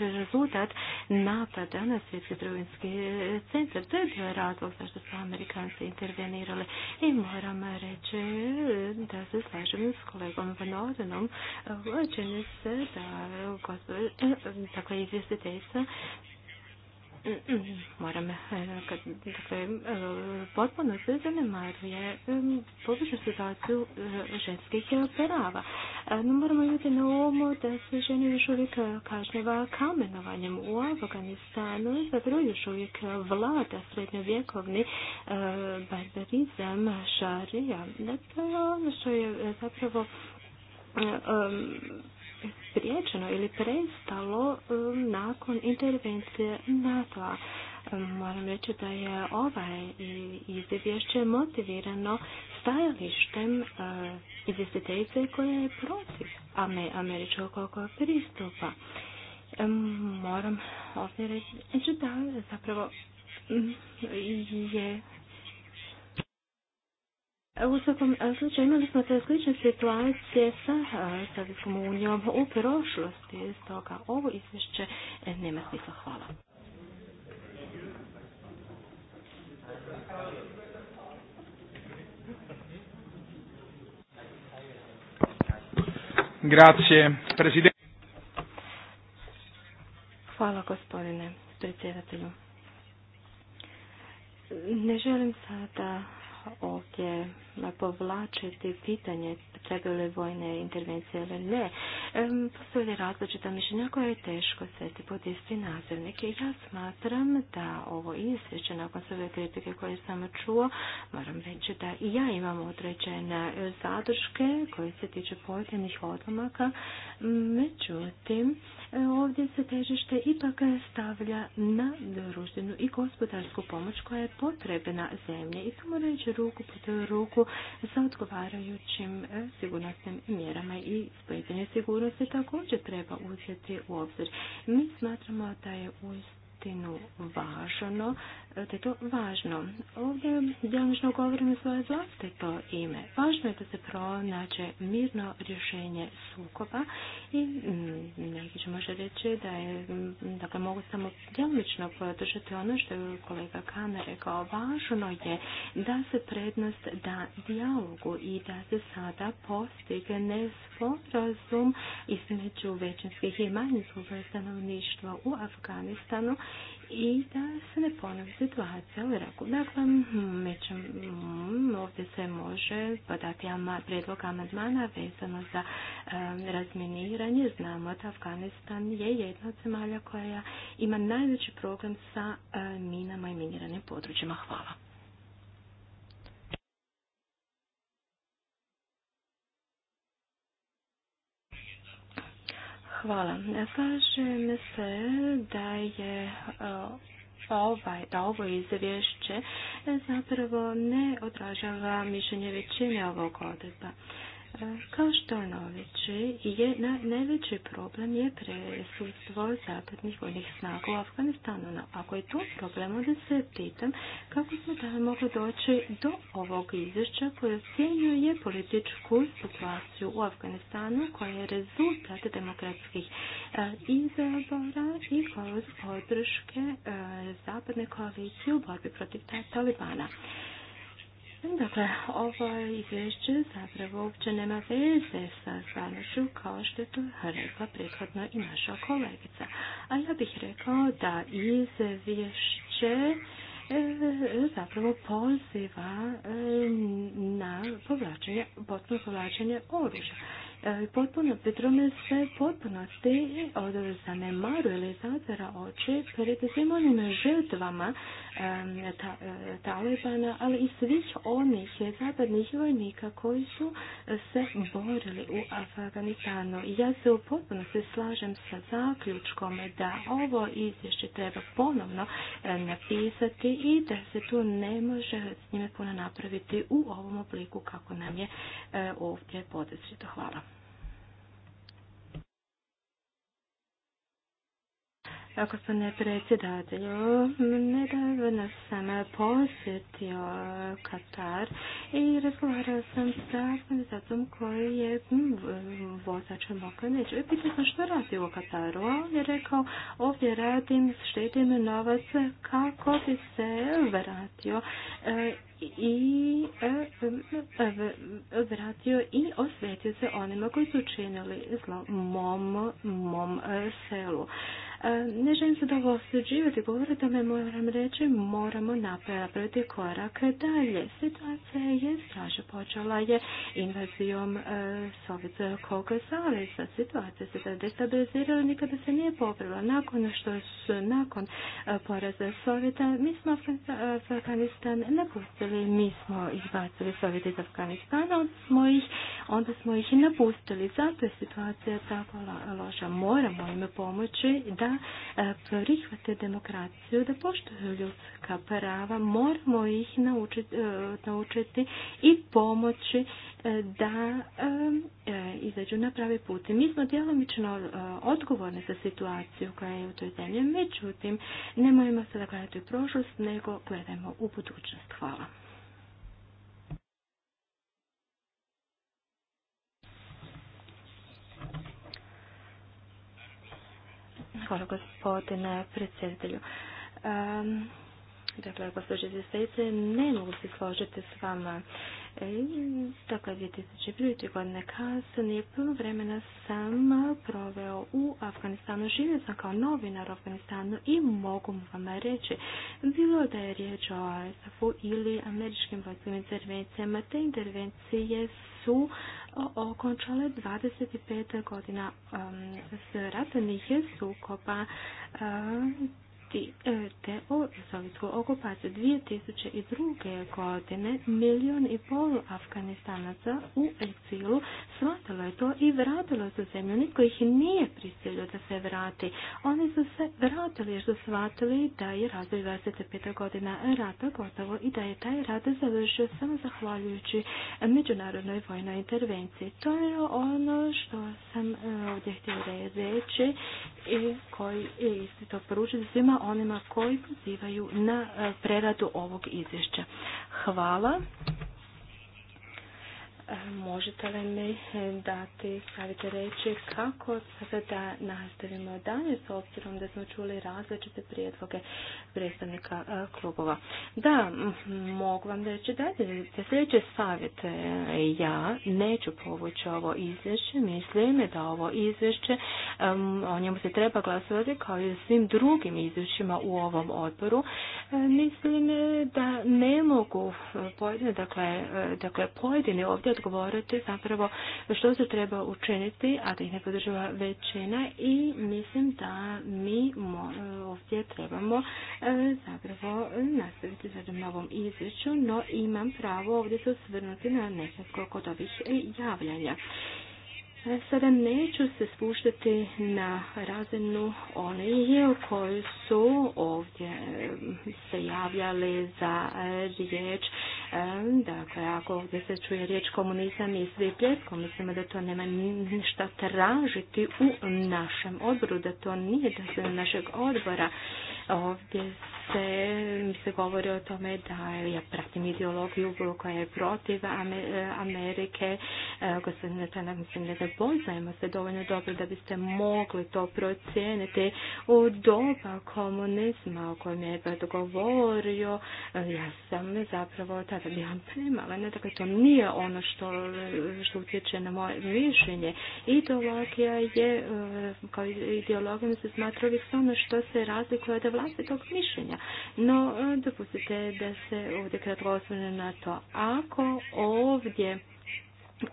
S2: rezultat napada na svjetski trgovinski centar. To je bio razlog zašto su Amerikanci intervenirali i moram reći da se slažem s kolegom Van Odenom. Čini se da, dakle, izvjestiteljica Moram, e, kad, dakle, e, potpuno se zanemaruje e, području situaciju ženskih prava. No, moramo imati na umu da se žene još uvijek kažnjava kamenovanjem u Afganistanu, zapravo još uvijek vlada srednjovjekovni barbarizam šarija. Dakle, ono što je zapravo um, spriječeno ili prestalo um, nakon intervencije NATO-a. Um, moram reći da je ovaj izvješće motivirano stajalištem uh, izvjestiteljice koja je protiv američkog pristupa. Um, moram ovdje reći da zapravo je u svakom e, slučaju imali smo te slične situacije sa e, Savijskom unijom u prošlosti, stoga ovo izvješće e, nema smisla. Hvala. Hvala gospodine predsjedatelju. Ne želim sada ovdje povlačiti pitanje trebaju li vojne intervencije ili ne. Postoje različita mišljenja koje je teško sveti pod isti nazivnik. I ja smatram da ovo izvješće nakon sve kritike koje sam čuo, moram reći da i ja imam određene zadrške koje se tiče pojedinih odlomaka. Međutim, E, ovdje se težište ipak stavlja na društvenu i gospodarsku pomoć koja je potrebna zemlje i tu moraju ruku pod ruku sa odgovarajućim e, sigurnostnim mjerama i spojitelje sigurnosti također treba uzeti u obzir. Mi smatramo da je uistinu važno da je to važno. Ovdje djelomično govorim svoje to ime. Važno je da se pronađe mirno rješenje sukoba i mm, neki će možda reći da je, mm, dakle, mogu samo djelomično podržati ono što je kolega Kana rekao. Važno je da se prednost da dijalogu i da se sada postigne sporazum između većinskih i manjinskog stanovništva u Afganistanu i da se ne ponovi situacija u Iraku. Dakle, mećem, ovdje se može podati prijedlog amandmana vezano za razminiranje. Znamo da Afganistan je jedna od zemalja koja ima najveći problem sa minama i miniranim područjima. Hvala. Hvala. Slažem se da je e, ovaj, da ovo izvješće zapravo ne odražava mišljenje većine ovog odreba. Kao što je, na, najveći problem je presudstvo zapadnih vojnih snaga u Afganistanu. ako je to problem, onda se pitam kako smo da mogli doći do ovog izvješća koje ocjenjuje političku situaciju u Afganistanu koja je rezultat demokratskih e, izabora i kroz podrške e, zapadne koalicije u borbi protiv Talibana. Dakle, ovo izvješće zapravo uopće nema veze sa znanošću kao što je to rekla prethodno i naša kolegica. Ali ja bih rekao da izvješće e, zapravo poziva e, na povlačenje, potpuno povlačenje oružja. E, potpuno, potpuno se potpunosti zanemaruje ili zatvara oči pred svim onim žrtvama e, Talibana, ali i svih onih zapadnih vojnika koji su se borili u Afganistanu. Ja se u potpunosti slažem sa zaključkom da ovo izvješće treba ponovno e, napisati i da se tu ne može s njime puno napraviti u ovom obliku kako nam je ovdje podesrito. Hvala. ne predsjedatelju, nedavno sam posjetio Katar i razgovarao sam sa organizacijom koji je vozač Neću. I pitao sam što radi u Kataru. On je rekao, ovdje radim, štedim novac kako bi se vratio e, i e, e, vratio i osvetio se onima koji su činili zlo mom, mom selu. Ne želim se dugo osuđivati, da me moram reći, moramo napraviti korak dalje. Situacija je straža. počela je invazijom e, Sovjetskog saveza. Situacija se da destabilizirala, nikada se nije popravila. Nakon što su, nakon e, poraza Sovjeta, mi smo e, Afganistan napustili, mi smo izbacili Sovjet iz Afganistana, onda smo ih, onda smo ih napustili. Zato je situacija tako loša. Moramo im pomoći da E, prihvate demokraciju, da poštuju ljudska prava, moramo ih naučiti, e, naučiti i pomoći e, da izađu na pravi put. Mi smo djelomično odgovorni za situaciju koja je u toj zemlji, međutim, nemojmo se da gledati u prošlost, nego gledajmo u budućnost. Hvala. Hvala gospodine predsjedatelju. Um, dakle, gospođe izvjestiteljice, ne mogu se složiti s vama. E, dakle, 2005. godine kasnije puno vremena sam proveo u Afganistanu. Živio sam kao novinar u Afganistanu i mogu vam reći, bilo da je riječ o ISAF-u ili američkim vojskim intervencijama, te intervencije su okončale 25 godina um, ratnih sukoba um, TO sovjetsku okupaciju 2002. godine milijun i pol Afganistanaca u eksilu shvatilo je to i vratilo se zemlju. Niko ih nije prisilio da se vrati. Oni su se vratili jer su shvatili da je razvoj 25. godina rata gotovo i da je taj rat završio samo zahvaljujući međunarodnoj vojnoj intervenciji. To je ono što sam e, ovdje htio reći i koji isti to poručiti svima onima koji pozivaju na e, preradu ovog izvješća. Hvala. Možete li mi e, dati savjete reći kako da nastavimo dalje s obzirom da smo čuli različite prijedloge predstavnika e, klubova? Da, mogu vam reći da Za sljedeće savjete e, ja neću povući ovo izvješće. Mislim da ovo izvješće, o njemu se treba glasovati kao i svim drugim izvješćima u ovom odboru. Mislim da ne mogu, dakle, dakle pojedini ovdje odgovoriti zapravo što se treba učiniti, a da ih ne podržava većina i mislim da mi ovdje trebamo e, zapravo nastaviti za jednom novom izvješću, no imam pravo ovdje se osvrnuti na nekako kod ovih javljanja. Sada neću se spuštati na razinu onih koji su ovdje se javljali za eh, riječ. Dakle, ako ovdje se čuje riječ komunizam i svi pljeskom, mislimo da to nema ništa tražiti u našem odboru, da to nije da se našeg odbora. Ovdje se, se govori o tome da ja pratim ideologiju koja je protiv eh, Amerike. Eh, gospodine, Tana mislim da poznajemo se dovoljno dobro da biste mogli to procijeniti u doba komunizma o kojem je Edward govorio. E, ja sam zapravo tada vam primala. ne, dakle to nije ono što, što utječe na moje mišljenje. Ideologija je, e, kao mi se smatra uvijek ono što se razlikuje od vlastitog mišljenja. No, e, dopustite da se ovdje kratko osvrne na to. Ako ovdje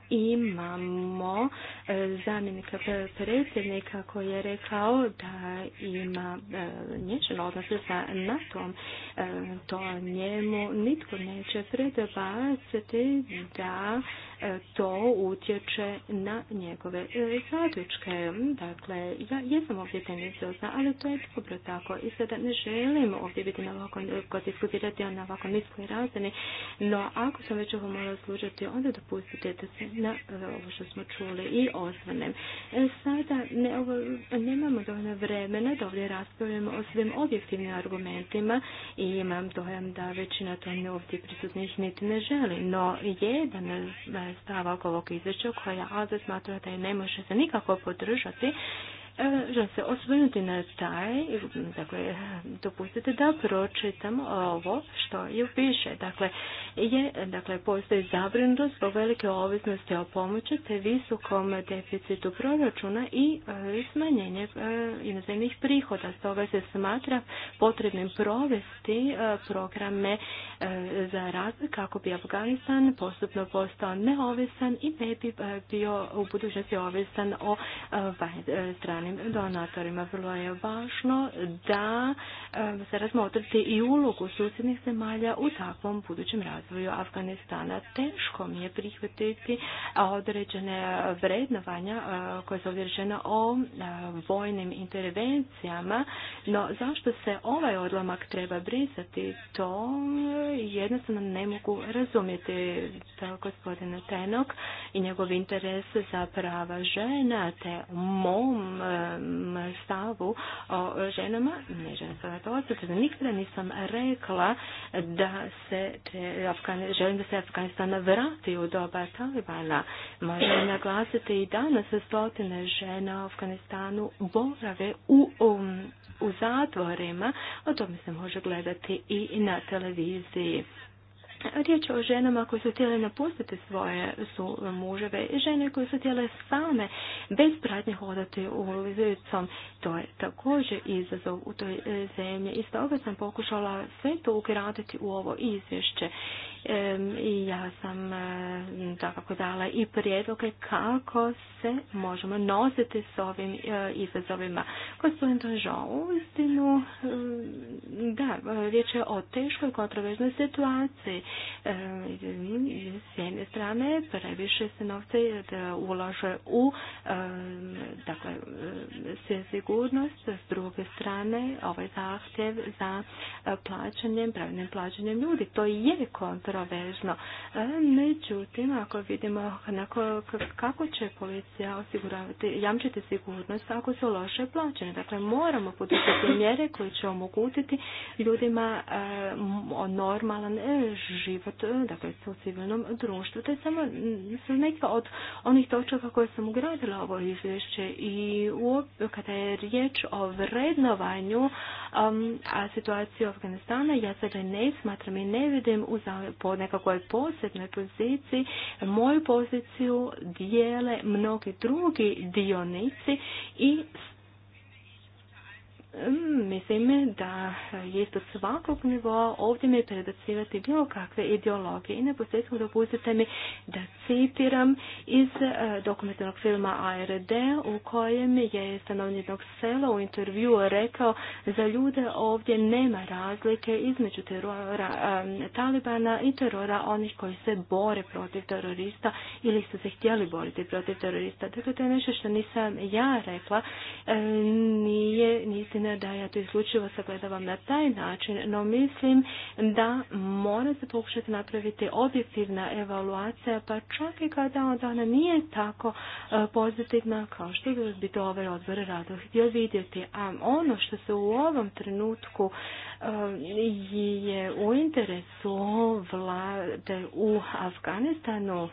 S2: imamo e, zamjenika predsjednika koji je rekao da ima e, nješan odnosno sa NATO-om. E, to njemu nitko neće predbaciti da to utječe na njegove zadučke. Dakle, ja jesam ovdje ali to je dobro tako. I sada ne želim ovdje biti na ovako, diskutirati na ovakvom niskoj razini, no ako sam već ovo služiti, onda dopustite da na e, ovo što smo čuli i osvrnem. E, sada nemamo dovoljno vremena da ovdje raspravljamo o svim objektivnim argumentima i imam dojam da većina to ne ovdje prisutnih niti ne želi, no jedan stavak ovog izvješća koja AZ smatra da je ne može se nikako podržati E, želim se osvrnuti na taj, dakle, dopustite da pročitam ovo što je piše. Dakle, je, dakle, postoji zabrinutost zbog velike ovisnosti o pomoći te visokom deficitu proračuna i e, smanjenje e, inozemnih prihoda. Stoga se smatra potrebnim provesti programe za razvoj kako bi Afganistan postupno postao neovisan i ne bi bio u budućnosti ovisan o strani donatorima. Vrlo je važno da ehm, se razmotriti i ulogu susjednih zemalja u takvom budućem razvoju Afganistana. Teško mi je prihvatiti određene vrednovanja eh, koje su ovdje o eh, vojnim intervencijama, no zašto se ovaj odlomak treba brisati, to jednostavno ne mogu razumjeti to pa, gospodina Tenok i njegov interes za prava žena, te mom eh, Um, stavu o ženama, ne žena to odsutu, nikada nisam rekla da se Afgan, želim da se Afganistan vrati u doba Talibana. Možemo naglasiti i danas stotine žena u Afganistanu borave u, u, um, u zatvorima, o tome se može gledati i na televiziji. Riječ je o ženama koje su htjele napustiti svoje su muževe i žene koje su htjele same bez pratnje hodati ulicom. To je također izazov u toj e, zemlji. I stoga sam pokušala sve to ugraditi u ovo izvješće i ja sam takako e, dala i prijedloge kako se možemo nositi s ovim e, izazovima. Gospodin žao u istinu, da, riječ je o teškoj kontroverznoj situaciji. S jedne strane, previše se novce ulaže u dakle, sigurnost, s druge strane, ovaj zahtjev za e, plaćanjem, pravilnim plaćanjem ljudi. To je kontroverznoj kontroverzno. E, međutim, ako vidimo kako će policija osiguravati, jamčiti sigurnost ako su loše plaćene. Dakle, moramo poduzeti mjere koje će omogućiti ljudima e, normalan e, život, dakle, u civilnom društvu. To je samo neka od onih točaka koje sam ugradila ovo izvješće i kada je riječ o vrednovanju situacije u situacije ja se ne smatram i ne vidim u po nekakvoj posebnoj poziciji, moju poziciju dijele mnogi drugi dionici i Mislim da je isto svakog nivoa ovdje mi predacivati bilo kakve ideologije i na posljedku dopustite mi da citiram iz e, dokumentarnog filma ARD u kojem je stanovnik sela u intervjuu rekao za ljude ovdje nema razlike između terora e, Talibana i terora onih koji se bore protiv terorista ili su se htjeli boriti protiv terorista. Dakle, to je nešto što nisam ja rekla, e, nije, nisi da ja to isključivo sagledavam na taj način, no mislim da mora se pokušati napraviti objektivna evaluacija, pa čak i kada ona nije tako e, pozitivna kao što bi to ovaj odbor rado htio vidjeti. A ono što se u ovom trenutku e, je u interesu vlade u Afganistanu,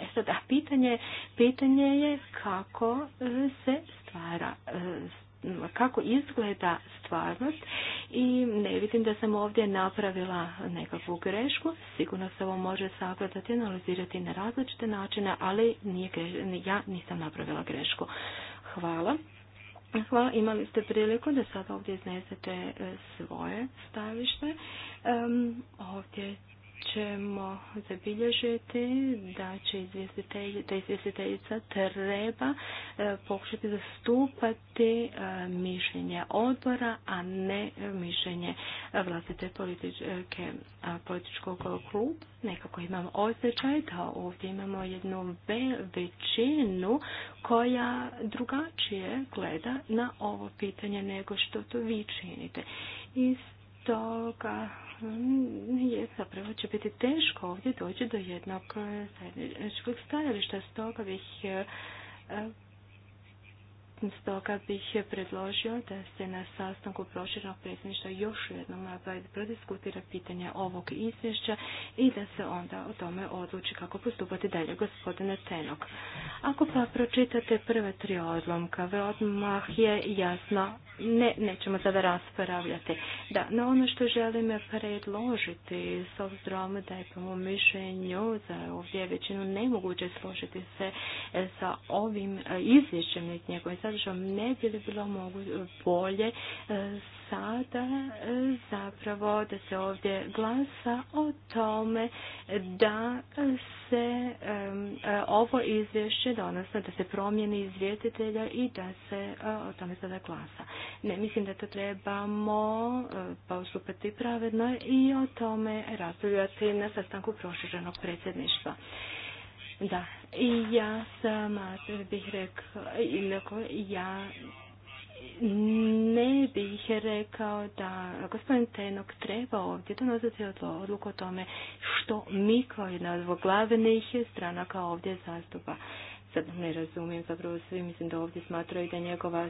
S2: e sada pitanje, pitanje je kako se stvara e, kako izgleda stvarnost i ne vidim da sam ovdje napravila nekakvu grešku. Sigurno se ovo može sagledati, analizirati na različite načine, ali nije ja nisam napravila grešku. Hvala. Hvala, imali ste priliku da sada ovdje iznesete e, svoje stavište. ovdje ćemo zabilježiti da će izvjestiteljica treba e, pokušati zastupati e, mišljenje odbora, a ne mišljenje vlastite političke, političkog kluba. Nekako imam osjećaj da ovdje imamo jednu većinu koja drugačije gleda na ovo pitanje nego što to vi činite. Isto toga mm, je zapravo će biti teško ovdje doći do jednog e, zajedničkog stajališta. Stoga bih e, Stoga bih predložio da se na sastanku proširenog predsjedništva još jednom prodiskutira pitanje ovog izvješća i da se onda o tome odluči kako postupati dalje gospodine Tenok. Ako pa pročitate prve tri odlomka, odmah je jasno, ne, nećemo sada raspravljati. Da, no ono što želim predložiti s obzirom da je po mom mišljenju za ovdje većinu nemoguće složiti se e, sa ovim e, izvješćem njegovim ne bi bilo mogu bolje e, sada e, zapravo da se ovdje glasa o tome da se e, ovo izvješće donosno da se promijeni izvjetitelja i da se o tome sada glasa. Ne mislim da to trebamo postupati pravedno i o tome raspravljati na sastanku proširenog predsjedništva. Da, i ja sama bih rekao, ja ne bih rekao da gospodin Tenok treba ovdje donositi odluku o tome što mi kao jedna od glavnih stranaka ovdje zastupa. Sad ne razumijem, zapravo svi mislim da ovdje smatraju da njegova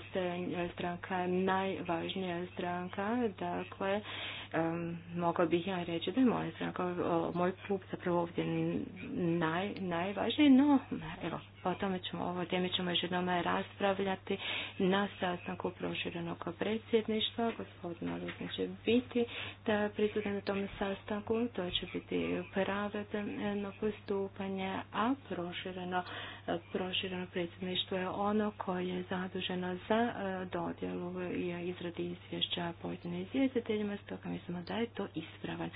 S2: stranka je najvažnija stranka, dakle mogla mogao bih ja reći da je moj klub zapravo ovdje naj, najvažniji, no evo, o tome ćemo, ovo teme ćemo još jednom raspravljati na sastanku proširenog predsjedništva. Gospodin Alesna će biti da prisutan na tom sastanku, to će biti pravedno postupanje, a prošireno, prošireno predsjedništvo je ono koje je zaduženo za e, dodjelu i izradi izvješća pojedinim izvjestiteljima, stoga mi mislimo da je to ispravan e,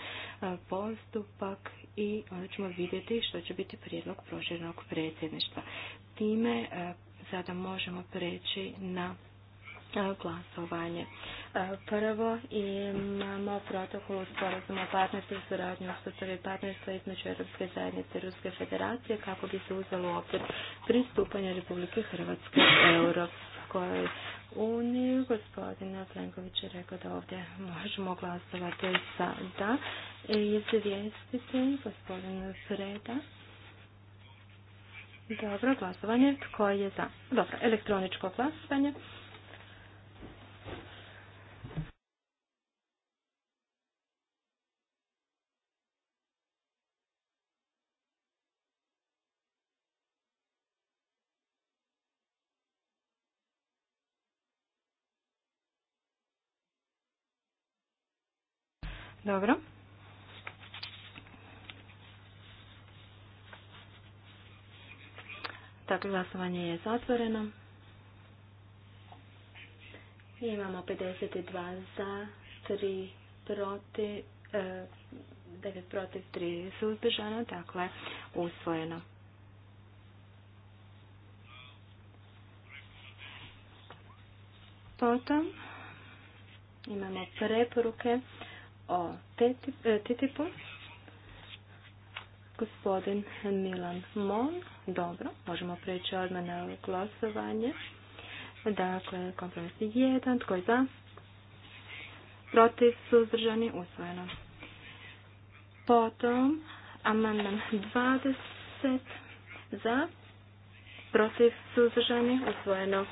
S2: postupak i onda ćemo vidjeti što će biti prijedlog proširenog predsjedništva. Time e, sada možemo preći na e, glasovanje. Prvo imamo protokol u sporazumu o partnerstvu i suradnju u sustavu partnerstva između Europske zajednice i Ruske federacije kako bi se uzelo u obzir pristupanje Republike Hrvatske Europskoj uniju. Gospodina Plenković je rekao da ovdje možemo glasovati sada. da. E, Izvijestiti Freda. Dobro, glasovanje. Tko je za? Dobro, elektroničko glasovanje. Dobro. Dakle, glasovanje je zatvoreno. imamo 52 za, 3 protiv, e, 9 protiv, 3 suzdržano, dakle, usvojeno. Potom imamo preporuke o TTIP-u. E, Gospodin Milan Mon. Dobro, možemo preći odmah na glasovanje. Dakle, kompromis jedan. Tko je za? Protiv suzdržani usvojeno. Potom, amandman 20 za, protiv suzdržani usvojeno.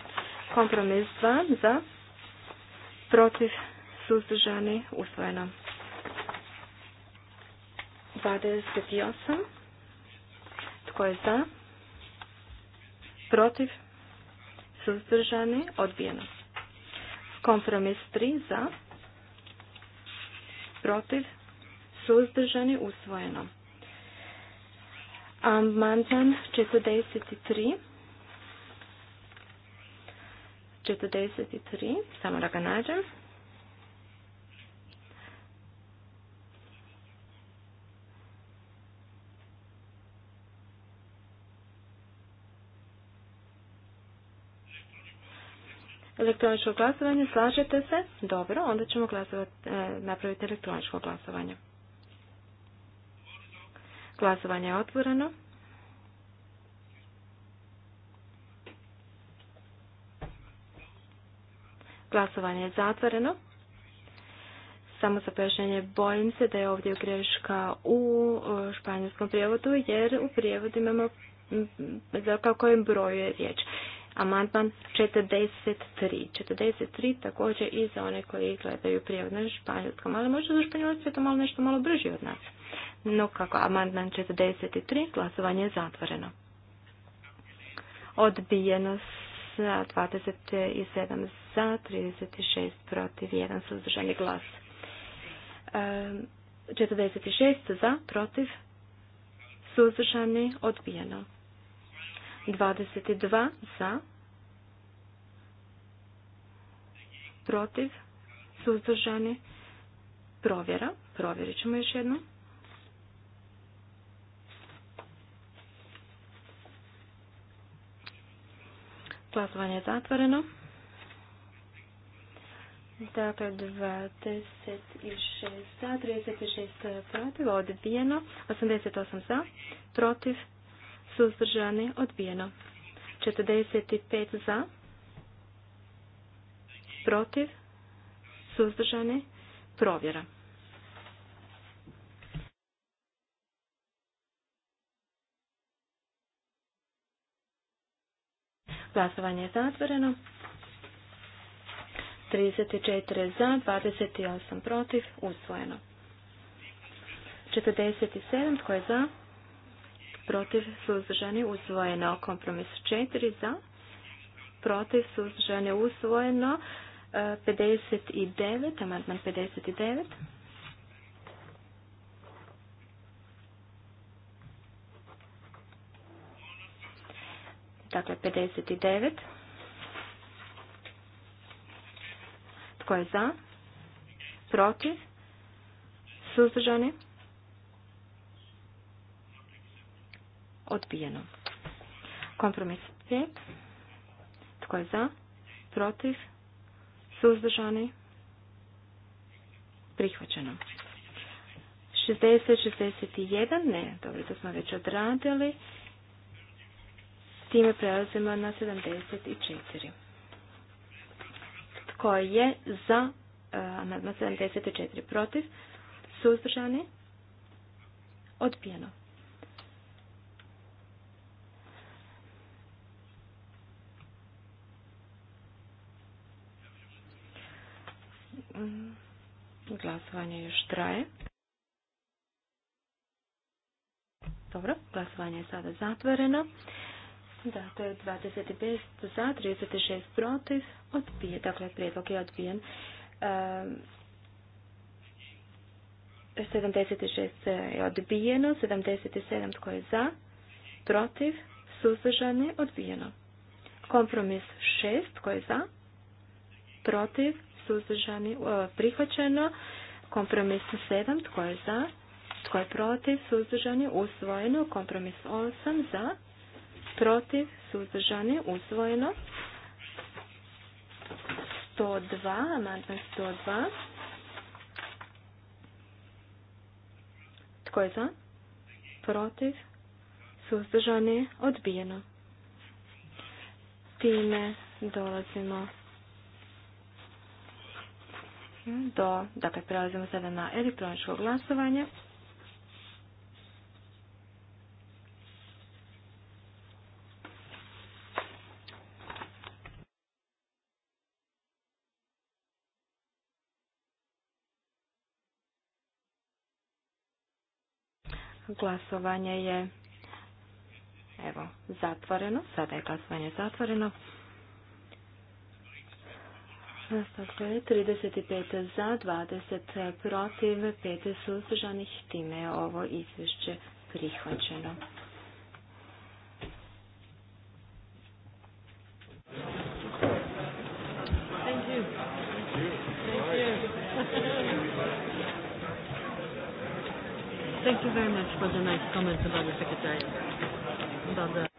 S2: Kompromis 2 za, protiv suzdržani usvojeno. 28. Tko je za? Protiv? Suzdržani? Odbijeno. Kompromis 3 za? Protiv? Suzdržani? Usvojeno. Amandman 43. 43. Samo da ga nađem. elektroničko glasovanje. Slažete se? Dobro, onda ćemo glasovati, e, napraviti elektroničko glasovanje. Glasovanje je otvoreno. Glasovanje je zatvoreno. Samo za pojašnjenje, bojim se da je ovdje greška u e, španjolskom prijevodu, jer u prijevodu imamo za kako broju je riječ. Amandman 43. 43 također i za one koji gledaju prijevod na španjolskom, ali možda za španjolski je to malo nešto malo brži od nas. No kako, amandman 43, glasovanje je zatvoreno. Odbijeno sa 27 za, 36 protiv, 1 suzdržani glas. E, 46 za, protiv, suzdržani, odbijeno. 22 za, protiv, suzdržani, provjera. Provjerit ćemo još jednu. Glasovanje je zatvoreno. Dakle, 26 za, 36 protiv, odbijeno, 88 za, protiv, suzdržani, odbijeno. 45 za, protiv, suzdržani, provjera. Glasovanje je zatvoreno. 34 za, 28 protiv, usvojeno. 47, tko je za? protiv suzdržani usvojeno. Kompromis 4 za, protiv suzdržani usvojeno. 59, e, amandman 59. Dakle, 59. Tko je za? Protiv? Suzdržani? odbijeno. Kompromis 5. Tko je za? Protiv? Suzdržani? Prihvaćeno. 60, 61, ne, dobro, to smo već odradili. Time prelazimo na 74. Tko je za e, na 74 protiv? Suzdržani? Odbijeno. Mhm. Glasovanje još traje. Dobro, glasovanje je sada zatvoreno. Da, to je 25 za, 36 protiv, odbije. Dakle, prijedlog je odbijen. 76 ehm, je odbijeno, 77 tko je za, protiv, suzdržan je odbijeno. Kompromis 6 tko je za, protiv, suzdržani, e, prihvaćeno. Kompromis 7, tko je za? Tko je protiv? Suzdržani, usvojeno. Kompromis 8, za? Protiv? Suzdržani, usvojeno. 102, amandman 102. Tko je za? Protiv? Suzdržani, odbijeno. Time dolazimo do, dakle prelazimo sada na elektroničko glasovanje. Glasovanje je evo zatvoreno, sada je glasovanje zatvoreno. Dakle, 35 za, 20 protiv, 5 suzdržanih, time je ovo izvješće prihvaćeno. Thank you. Thank you very much for the nice comments about the secretary. About the